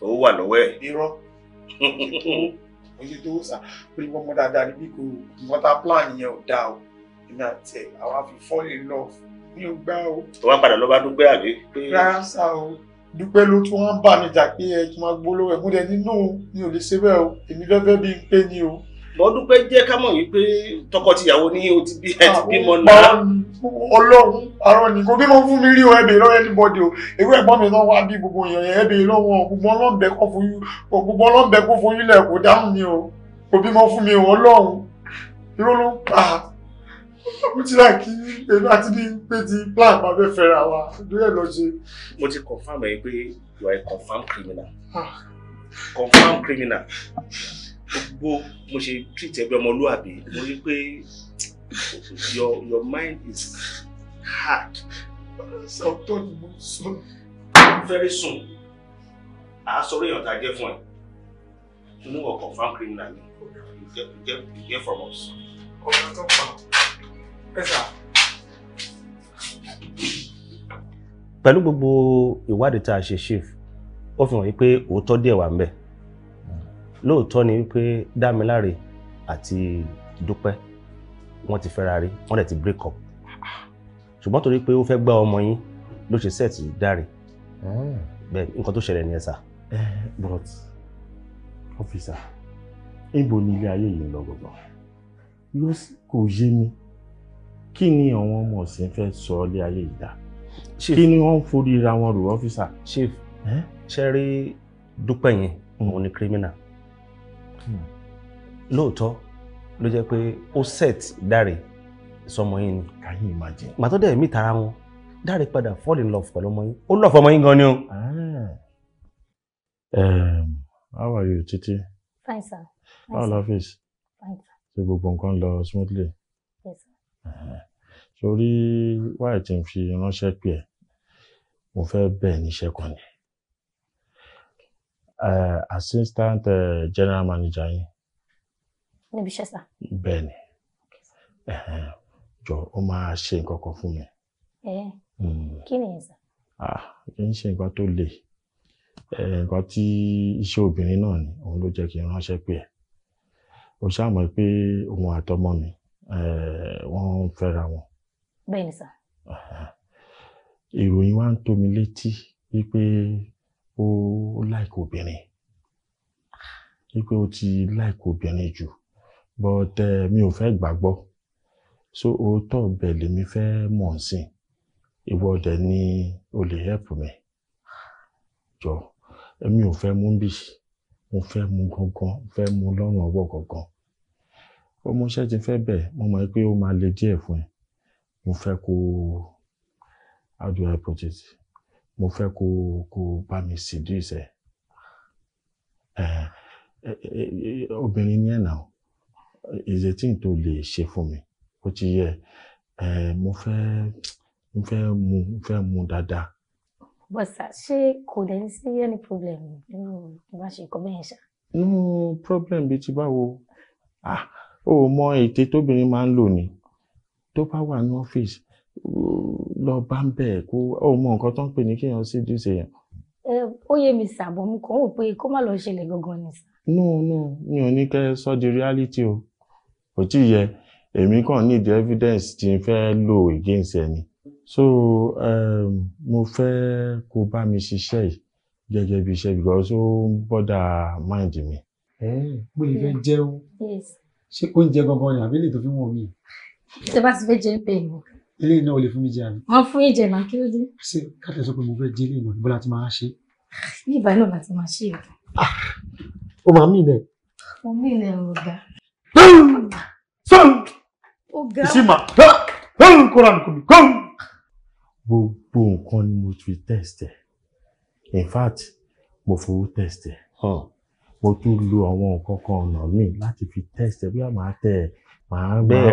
owó wà lọ́wọ́ ẹ̀. irọ́ mo ṣe tó sà pé wọ́n mọ́ dáadáa ní bí kò mọ́tà plan yẹn ò dáa o èmi àti ẹ̀ àwa fi fall in love mi ò gbá o. tó wá padà lọ bá dúpẹ́ àbí. rárá sá o dúpẹ́ ló tún wá ń bà jà pé ẹ tún máa gbóló ẹ̀ mú dẹ nínú mi ò lè ṣe bẹ́ẹ̀ o èmi fẹ́ fẹ́ bí n pé ni o bọ́dún pé jẹ́ ká mọ̀ wípé tọkọtìyàwó ní o ti bí ẹ ti bímọ ah, náà. ọlọ́run àrọ ni kò bímọ fún mi rí o ẹbẹ̀ lọ́wọ́ anybody o ewé ẹ̀gbọ́n mi lọ́wọ́ bí gbogbo èèyàn yẹn ẹbẹ̀ lọ́wọ́ gbogbo ọlọ́ọ̀bẹ kọ́ fún yín gbogbo ọlọ́ọ̀bẹ kọ́ fún yín lẹ̀ kò dáhùn mi o kò bímọ fún mi o ọlọ́run irọ́ ló ń pa mo ti rà kí èmi àti ní pé ti plan máa fẹ́ fẹ́ra wa do ẹ̀ lọ ṣe. mo ti confam ẹ pé you are a confam criminal ah. confam criminal gbogbo mo ṣe treat ẹ ọmọlúwàbí mo rí pé your your mind is hard. ọ̀tọ̀ ni mo sọ. very soon àá sọ orí ìyànta jẹ́ fún ẹ inú ọkọ̀ farm criminal ni you get you get you get from us. ọ̀gá tó pa ẹ̀sà. pẹ̀lú gbogbo ìwádìí tá a ṣe chief ó fi hàn yí pé òótọ́ díẹ̀ wà ń bẹ̀ lóòótọ́ ni wípé dámiláre àti dúpẹ́ wọ́n ti fẹ́ra rí wọ́n dẹ̀ ti break up ṣùgbọ́n torí pé ó fẹ́ gbá ọmọ yín ló ṣe set dáre bẹ́ẹ̀ nǹkan tó ṣẹlẹ̀ nìyẹn sà. Eh, but officer ibo ni ilé ayé yìí lọ gbọgbọ yóò kò yé mi kí ni àwọn ọmọ ọ̀sìn fẹ́ sọ ilé ayé yìí dá kí ni wọ́n ń forí ra wọn rò ọ́fíìsà. chief eh? ṣe rí dúpẹ́ yẹn hmm. òun ni criminal Hmm. lóòótọ́ ló jẹ́ pé ó set dáre sọmọ yín ni. káyìn imagine. màtọ́ dẹ̀ mí tara wọn dáre padà fall in love pẹ̀lú ọmọ yín ó lọ́ọ̀fọ̀ ọmọ yín gan ni o. Ah. how are you titi. fine sir. how are office. fine sir. ṣe gbogbo nǹkan lọ smoothly. yes sir. Ah. sórí wáyé tí n fi ránṣẹ́ pè é mo fẹ́ bẹ́ẹ̀ níṣẹ́ kan ni uh, assistant uh, general manager yín. níbi iṣẹ́ sá. bẹ́ẹ̀ ni jọ ó máa ṣe nǹkan kan fún mi. Hmm. kí ni ẹ sá. kì í ṣe nǹkan tó le nǹkan tí iṣẹ́ obìnrin náà ni òun ló jẹ́ kí n ránṣẹ́ pé ẹ̀ o ṣàmọ̀ pé òun àtọmọ mi wọ́n ń fẹ́ra wọn. bẹ́ẹ̀ ni sá. ìròyìn wa ń tó mi létí wípé ó láìkó obìnrin wípé ó ti láìkó obìnrin jù but uh, mi ò fẹ́ gbàgbọ́ so òótọ́ ọbẹ̀ lèmi fẹ́ mọ̀ ń sìn ìwọ dẹ̀ ni o lè help mi jọ èmi eh, ò fẹ́ mú bì mo fẹ́ mú gangan fẹ́ mú lọ́rùn ọwọ́ gangan ọmọọṣẹ́ ti fẹ́ bẹ̀ mo mọ̀ pé ó máa le díẹ̀ fún ẹ mo fẹ́ kó how do I put it mo fẹ́ kó kó bá mi seduce ẹ eh, eh, eh, obìnrin ni ẹ̀ náà ìzẹ̀tí tó lè ṣe fún mi ó ti yẹ mo fẹ́ mo fẹ́ mu mo fẹ́ mu dáadáa. bọ́sà ṣé kò dẹ̀ ní sí any problem nínú bá ṣe kọ́ bẹ́ẹ̀ ṣá. no problem bíi ti báwo ah o mọ ète tóbìnrin máa ń lò ní tó bá wà ní ọ́fíìsì lọ bá ń bẹ̀ kó ó mọ nǹkan tó ń pè ní kéèyàn sí dùsẹ̀ yẹn. ó yé mi sàbọ̀ mo kàn wò pé kó má lọ ṣẹlẹ̀ gangan ni. no no mi ò ní kẹ́ sọ di reality o kò tí ì yẹ èmi kàn ní the evidence tí n fẹ́ lò against ẹni so um, mo fẹ́ kó bá mi ṣiṣẹ́ yìí gẹ́gẹ́ bí iṣẹ́ because ó ń bọ́dà mind mi. ẹ bó lè fẹ́ jẹun ṣé oúnjẹ gangan ni àbí lè tó fi wọn mi. tẹ bá ti fẹ́ jẹ ń bẹ̀ eléyìí náà ò lè fún mi jẹ àná. wọn fún ìjẹ náà kí ló dé. ṣé káàtẹ sọ pé mo fẹ́ jẹ eléyìí náà níbo láti máa ṣe. bí ìbá láti máa ṣe o. o máa mí ilẹ̀. mo mí ilẹ̀ ọ̀gá. ọ̀gá. ìṣìmà kóra nìkan mi kọ́. Ah. gbogbo nǹkan ni mo ti test ẹ in fact mo fowó test ẹ ah. mo tún lo àwọn nǹkan kan ọ̀nà míì láti fi test ẹ bí a máa màá bẹ́ẹ̀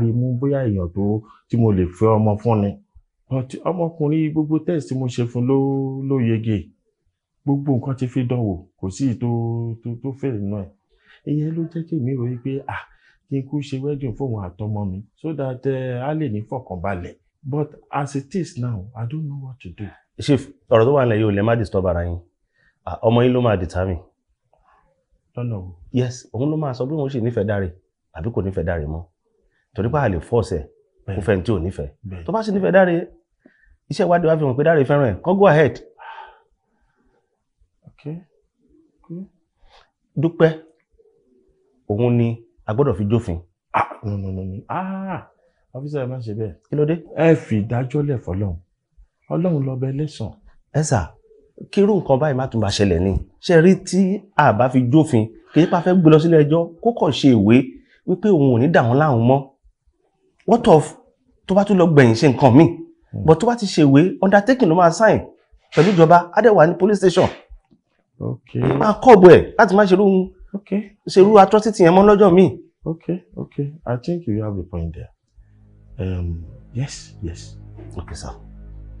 rí mú bóyá èèyàn tó tí mo lè fẹ́ ọmọ fún ni ọmọkùnrin gbogbo test mo ṣe fún ló ló yege gbogbo nǹkan ti fi dánwò kò sí tó tó tó fẹ́ nínú ẹ̀ ìyẹn ló jẹ́ kí mi rò wípé ah kí n kú ṣe wedding fóun àtọmọ mi so that uh, a lè ní fọkànbalẹ̀ but as it is now i don't know what to do. chief ọ̀rọ̀ tó wà nílẹ̀ yìí ò lè má disturb ara yín ọmọ yín ló máa determine. lọ́nà o. yes òun ló máa sọ pé òun sì nífẹ̀ẹ́ dáre àbí kò nífẹ̀ẹ́ dáre mọ́ torí pé a lè fọ́ọ̀sẹ̀ kó fẹ́ tí ò nífẹ̀ẹ́ tó bá sì nífẹ̀ẹ́ dáre iṣẹ́ ìwádìí wa fi hàn pé dáre fẹ́ràn ẹ̀ kọ́ go ahead. dúpẹ́ òun ni a gbọ́dọ̀ fi jófin. ọ́fíìsì ah, ah, ẹ má ṣe bẹ́ẹ̀. kí ló dé. ẹ fi ìdájọ́ lẹ̀ fọlọ́run ọlọ́run lọ bẹ lẹ́sàn. ẹ sà kírú nǹkan báyìí má tún bá ṣẹlẹ̀ ni ṣe rí tí a bá fi jófin kì í pa fẹ́ gbé lọ sílé ẹjọ́ kó kàn ṣe ìwé wípé òun ò ní dà wọ́n láwọn mọ́ what of tó bá tún lọ gbẹ̀yìn ṣe nǹkan míì hmm. but tó bá ti ṣèwé undertaking ló máa sign pẹ̀lú ìjọba adẹ́wà ní police station okay máa kọ́ọ̀bù ẹ̀ láti má ṣerú okay ṣerú atrocity yẹn mọ́ lọ́jọ́ míì. okay okay i think you have a point there um, yes yes okay sir.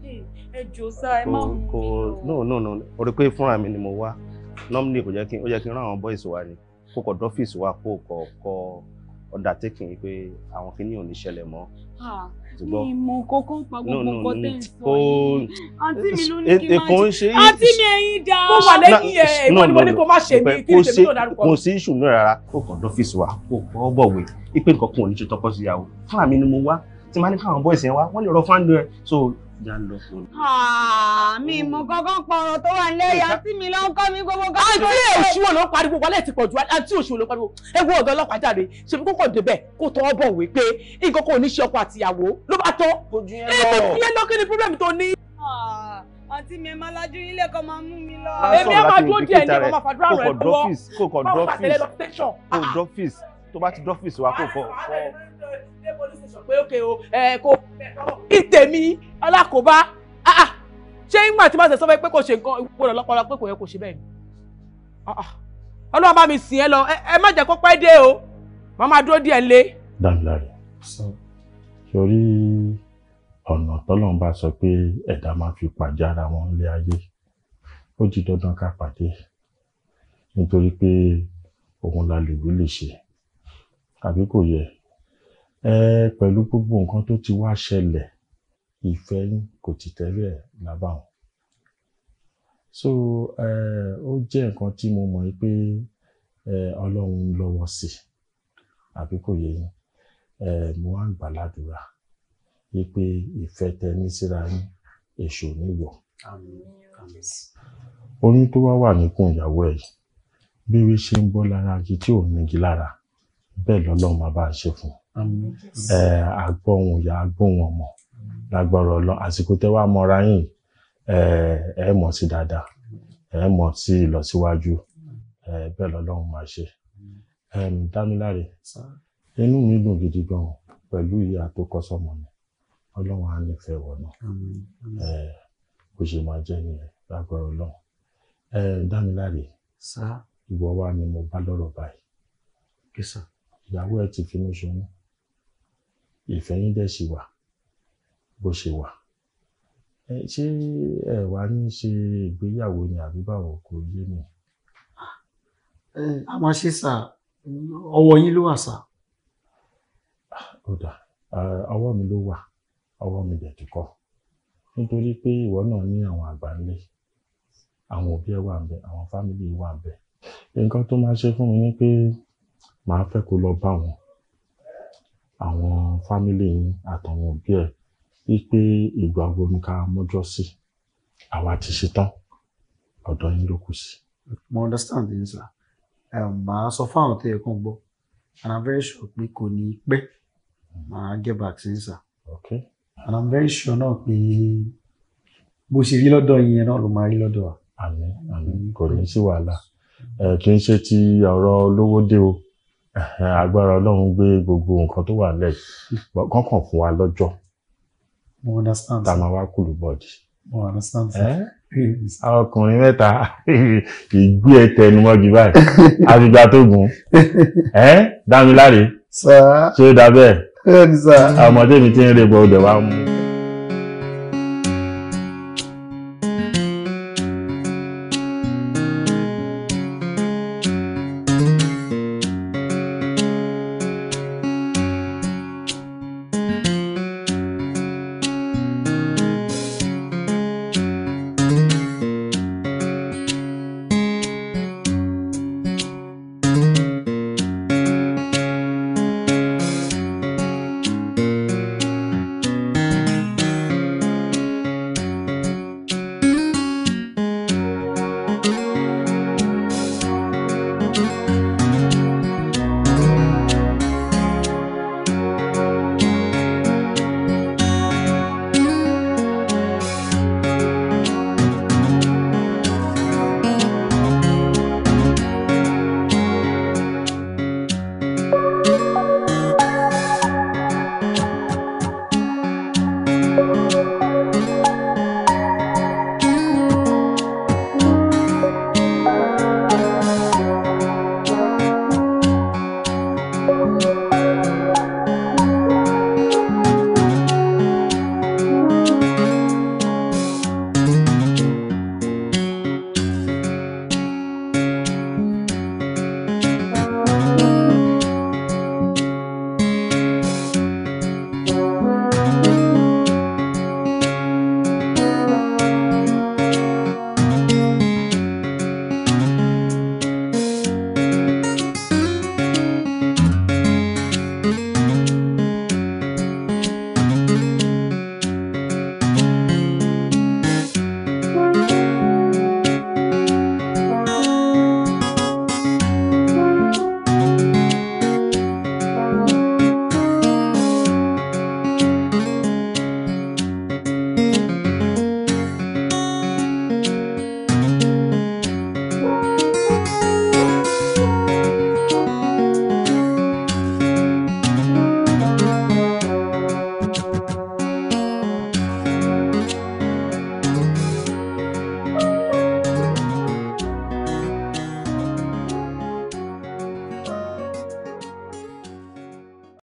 ẹ jò sá ẹ má mú mi lọ. no no no o rí pé fúnra mi ni mo wá nọ́mìnì kò jẹ́ kí n rán àwọn boys wa ni kó kọ̀ dọ́fíìsì wa kó kọ̀ kọ́ undertaking pé àwọn kìíní ò ní ṣẹlẹ̀ mọ́. mi mọ kókó pa gbogbo nǹkan tẹ́ ń sọ yìí àǹtí mi ló ní kí n máa ṣe àǹtí mi ẹyin dá. kó wà lẹ́yìn ẹ̀ ẹ̀gbọ́n ni mo ní kó má ṣe mí kí n ṣe mí dárúkọ. kò sí ìṣù náà rárá kó kàn dọ́fíìsì wa kó kọ́ bọ̀wé ipe nǹkan kan ò ní ṣe tọkọ síyàwó fún àmì ni mo wá tí máa ní káwọn bọ́ọ̀sì yẹn wá wọ́n lè rọ fáńdù ẹ̀ so mi oh. mọ gángan pọ̀rọ̀ tó wà nílẹ̀ ìyá tí mi lọ ń kọ́ mi gbogbo gángan. àti ilé òṣùwọ̀n ló ń pariwo wọlé ti pọ̀jù àti òṣùwọ̀n ló ń pariwo ewu ọ̀dọ́ ọlọ́pàá jáde ṣe kókò débẹ̀ kó tọ́ bọ̀ wí pé nǹkan kan ò ní ṣe ọkọ àtìyàwó ló bá tọ́. ojú yẹn lọ ẹ ti yẹn lọ kí ni problem tó ní. àǹtí mi máa lajú ilé kan máa mú mi lọ. èmi á máa dúró díẹ̀ ní ọmọ fàdúrà rẹ̀ lọ́wọ́ tó bá ti dọ́fíìsì wa kò fọ. pé ókè o ẹ kó ìtèmi alákòóbá ah, ah. ṣé ìgbà tí màá tẹ̀ sọ́fẹ́ pé kò ṣe nǹkan ìwúwo lọ́pọ̀lọ́ pé kò yẹ kò ṣe bẹ́ẹ̀ ni ah, ọlọ́run bá mi sìn ẹ lọ ẹ má jẹ́ kó pẹ́ dé o màá máa dúró díẹ̀ lé. dáńdáre sórí ọ̀nà tọ́lọ́run bá sọ pé ẹ̀dá máa fi pàdé ara wọn lé ayé ó di dandan ká pàdé nítorí pé òun la lè wí lè ṣe àbí kò yẹ ẹ pẹ̀lú gbogbo nǹkan tó ti wá ṣẹlẹ̀ ìfẹ́ yín kò ti tẹ̀lé ẹ̀ lábàwọ́n so ó jẹ́ nǹkan tí mo mọ̀ pé ọlọ́run ń lọ́wọ́ sí àbí kò yẹ yín mo wá ń gbà ládùúrà wípé ìfẹ́ tẹ ní síra yín èṣù níwọ̀ oyún tó wá wà níkùn ìyàwó ẹ̀ bí wí ṣe ń bọ́ lára igi tí ò nígi lára bẹ́ẹ̀ lọ́lọ́run máa bá a ṣe fún ẹ agbóhun ìyá agbóhun ọmọ lágbára Ọlọ́run àsìkò tẹ́ wàá mọra yín ẹ mọ̀ sí dáadáa ẹ mọ̀ sí ìlọsíwájú bẹ́ẹ̀ lọ́lọ́run máa ṣe dámiláre inú mi dùn gidi gan pẹ̀lú ìyá tó kọ́ sọ́mọ mi Ọlọ́run á nífẹ̀ẹ́ wọ̀ náà kò ṣe máa jẹ́ nìyẹn lágbára Ọlọ́run dámiláre ìwọ wa ni mo bá lọ́rọ̀ báyìí ìyàwó ẹ ti finú ṣoyún ìfẹ́ yín dẹ̀ ṣì wà bó ṣe wà ṣé ẹ wá ní ṣe ìgbéyàwó ni àbí báwo kò yé mi. a máa ṣe sà ọwọ́ yín ló wà sà. ó dà ọwọ́ mi ló wà ọwọ́ mi dẹ̀ ti kọ́ nítorí pé ìwọ náà ní àwọn àgbà ńlẹ̀ àwọn òbí ẹ wà ń bẹ àwọn fámìlì wà ń bẹ nǹkan tó máa ṣe fún mi ni pé. Pe màá fẹ́ kó lọ bá wọn àwọn fámílì yín àtàwọn òbí ẹ̀ wípé ìgbà wo ni ká mọ́jọ́ sí àwa ti ṣetán ọ̀dọ̀ yín ló kù sí. mo understand yín sir màá sọ fáwọn tó yẹ kó ń and i'm very sure pé kò ní pẹ́ màá get back sí sir okay. and i'm very sure náà pé bó ṣe rí lọ́dọ̀ yín náà ló máa rí lọ́dọ̀ wa. àmín àmín mm-hmm. kò ní sí wàhálà kì í ṣe ti ọ̀rọ̀ olówó dé o agbára ọlọ́run gbé gbogbo nǹkan tó wà lẹ̀ kọ́kàn fún wa lọ́jọ́ tá a máa wá kùlù bọ̀dì. ọkùnrin mẹ́ta ìgbé ẹ tẹnumọ́gi báyìí àtìgbà tó gùn dámiláre ṣé ó dá bẹ́ẹ̀ ọmọdé mi ti ń rebọ ọdẹ wa mú.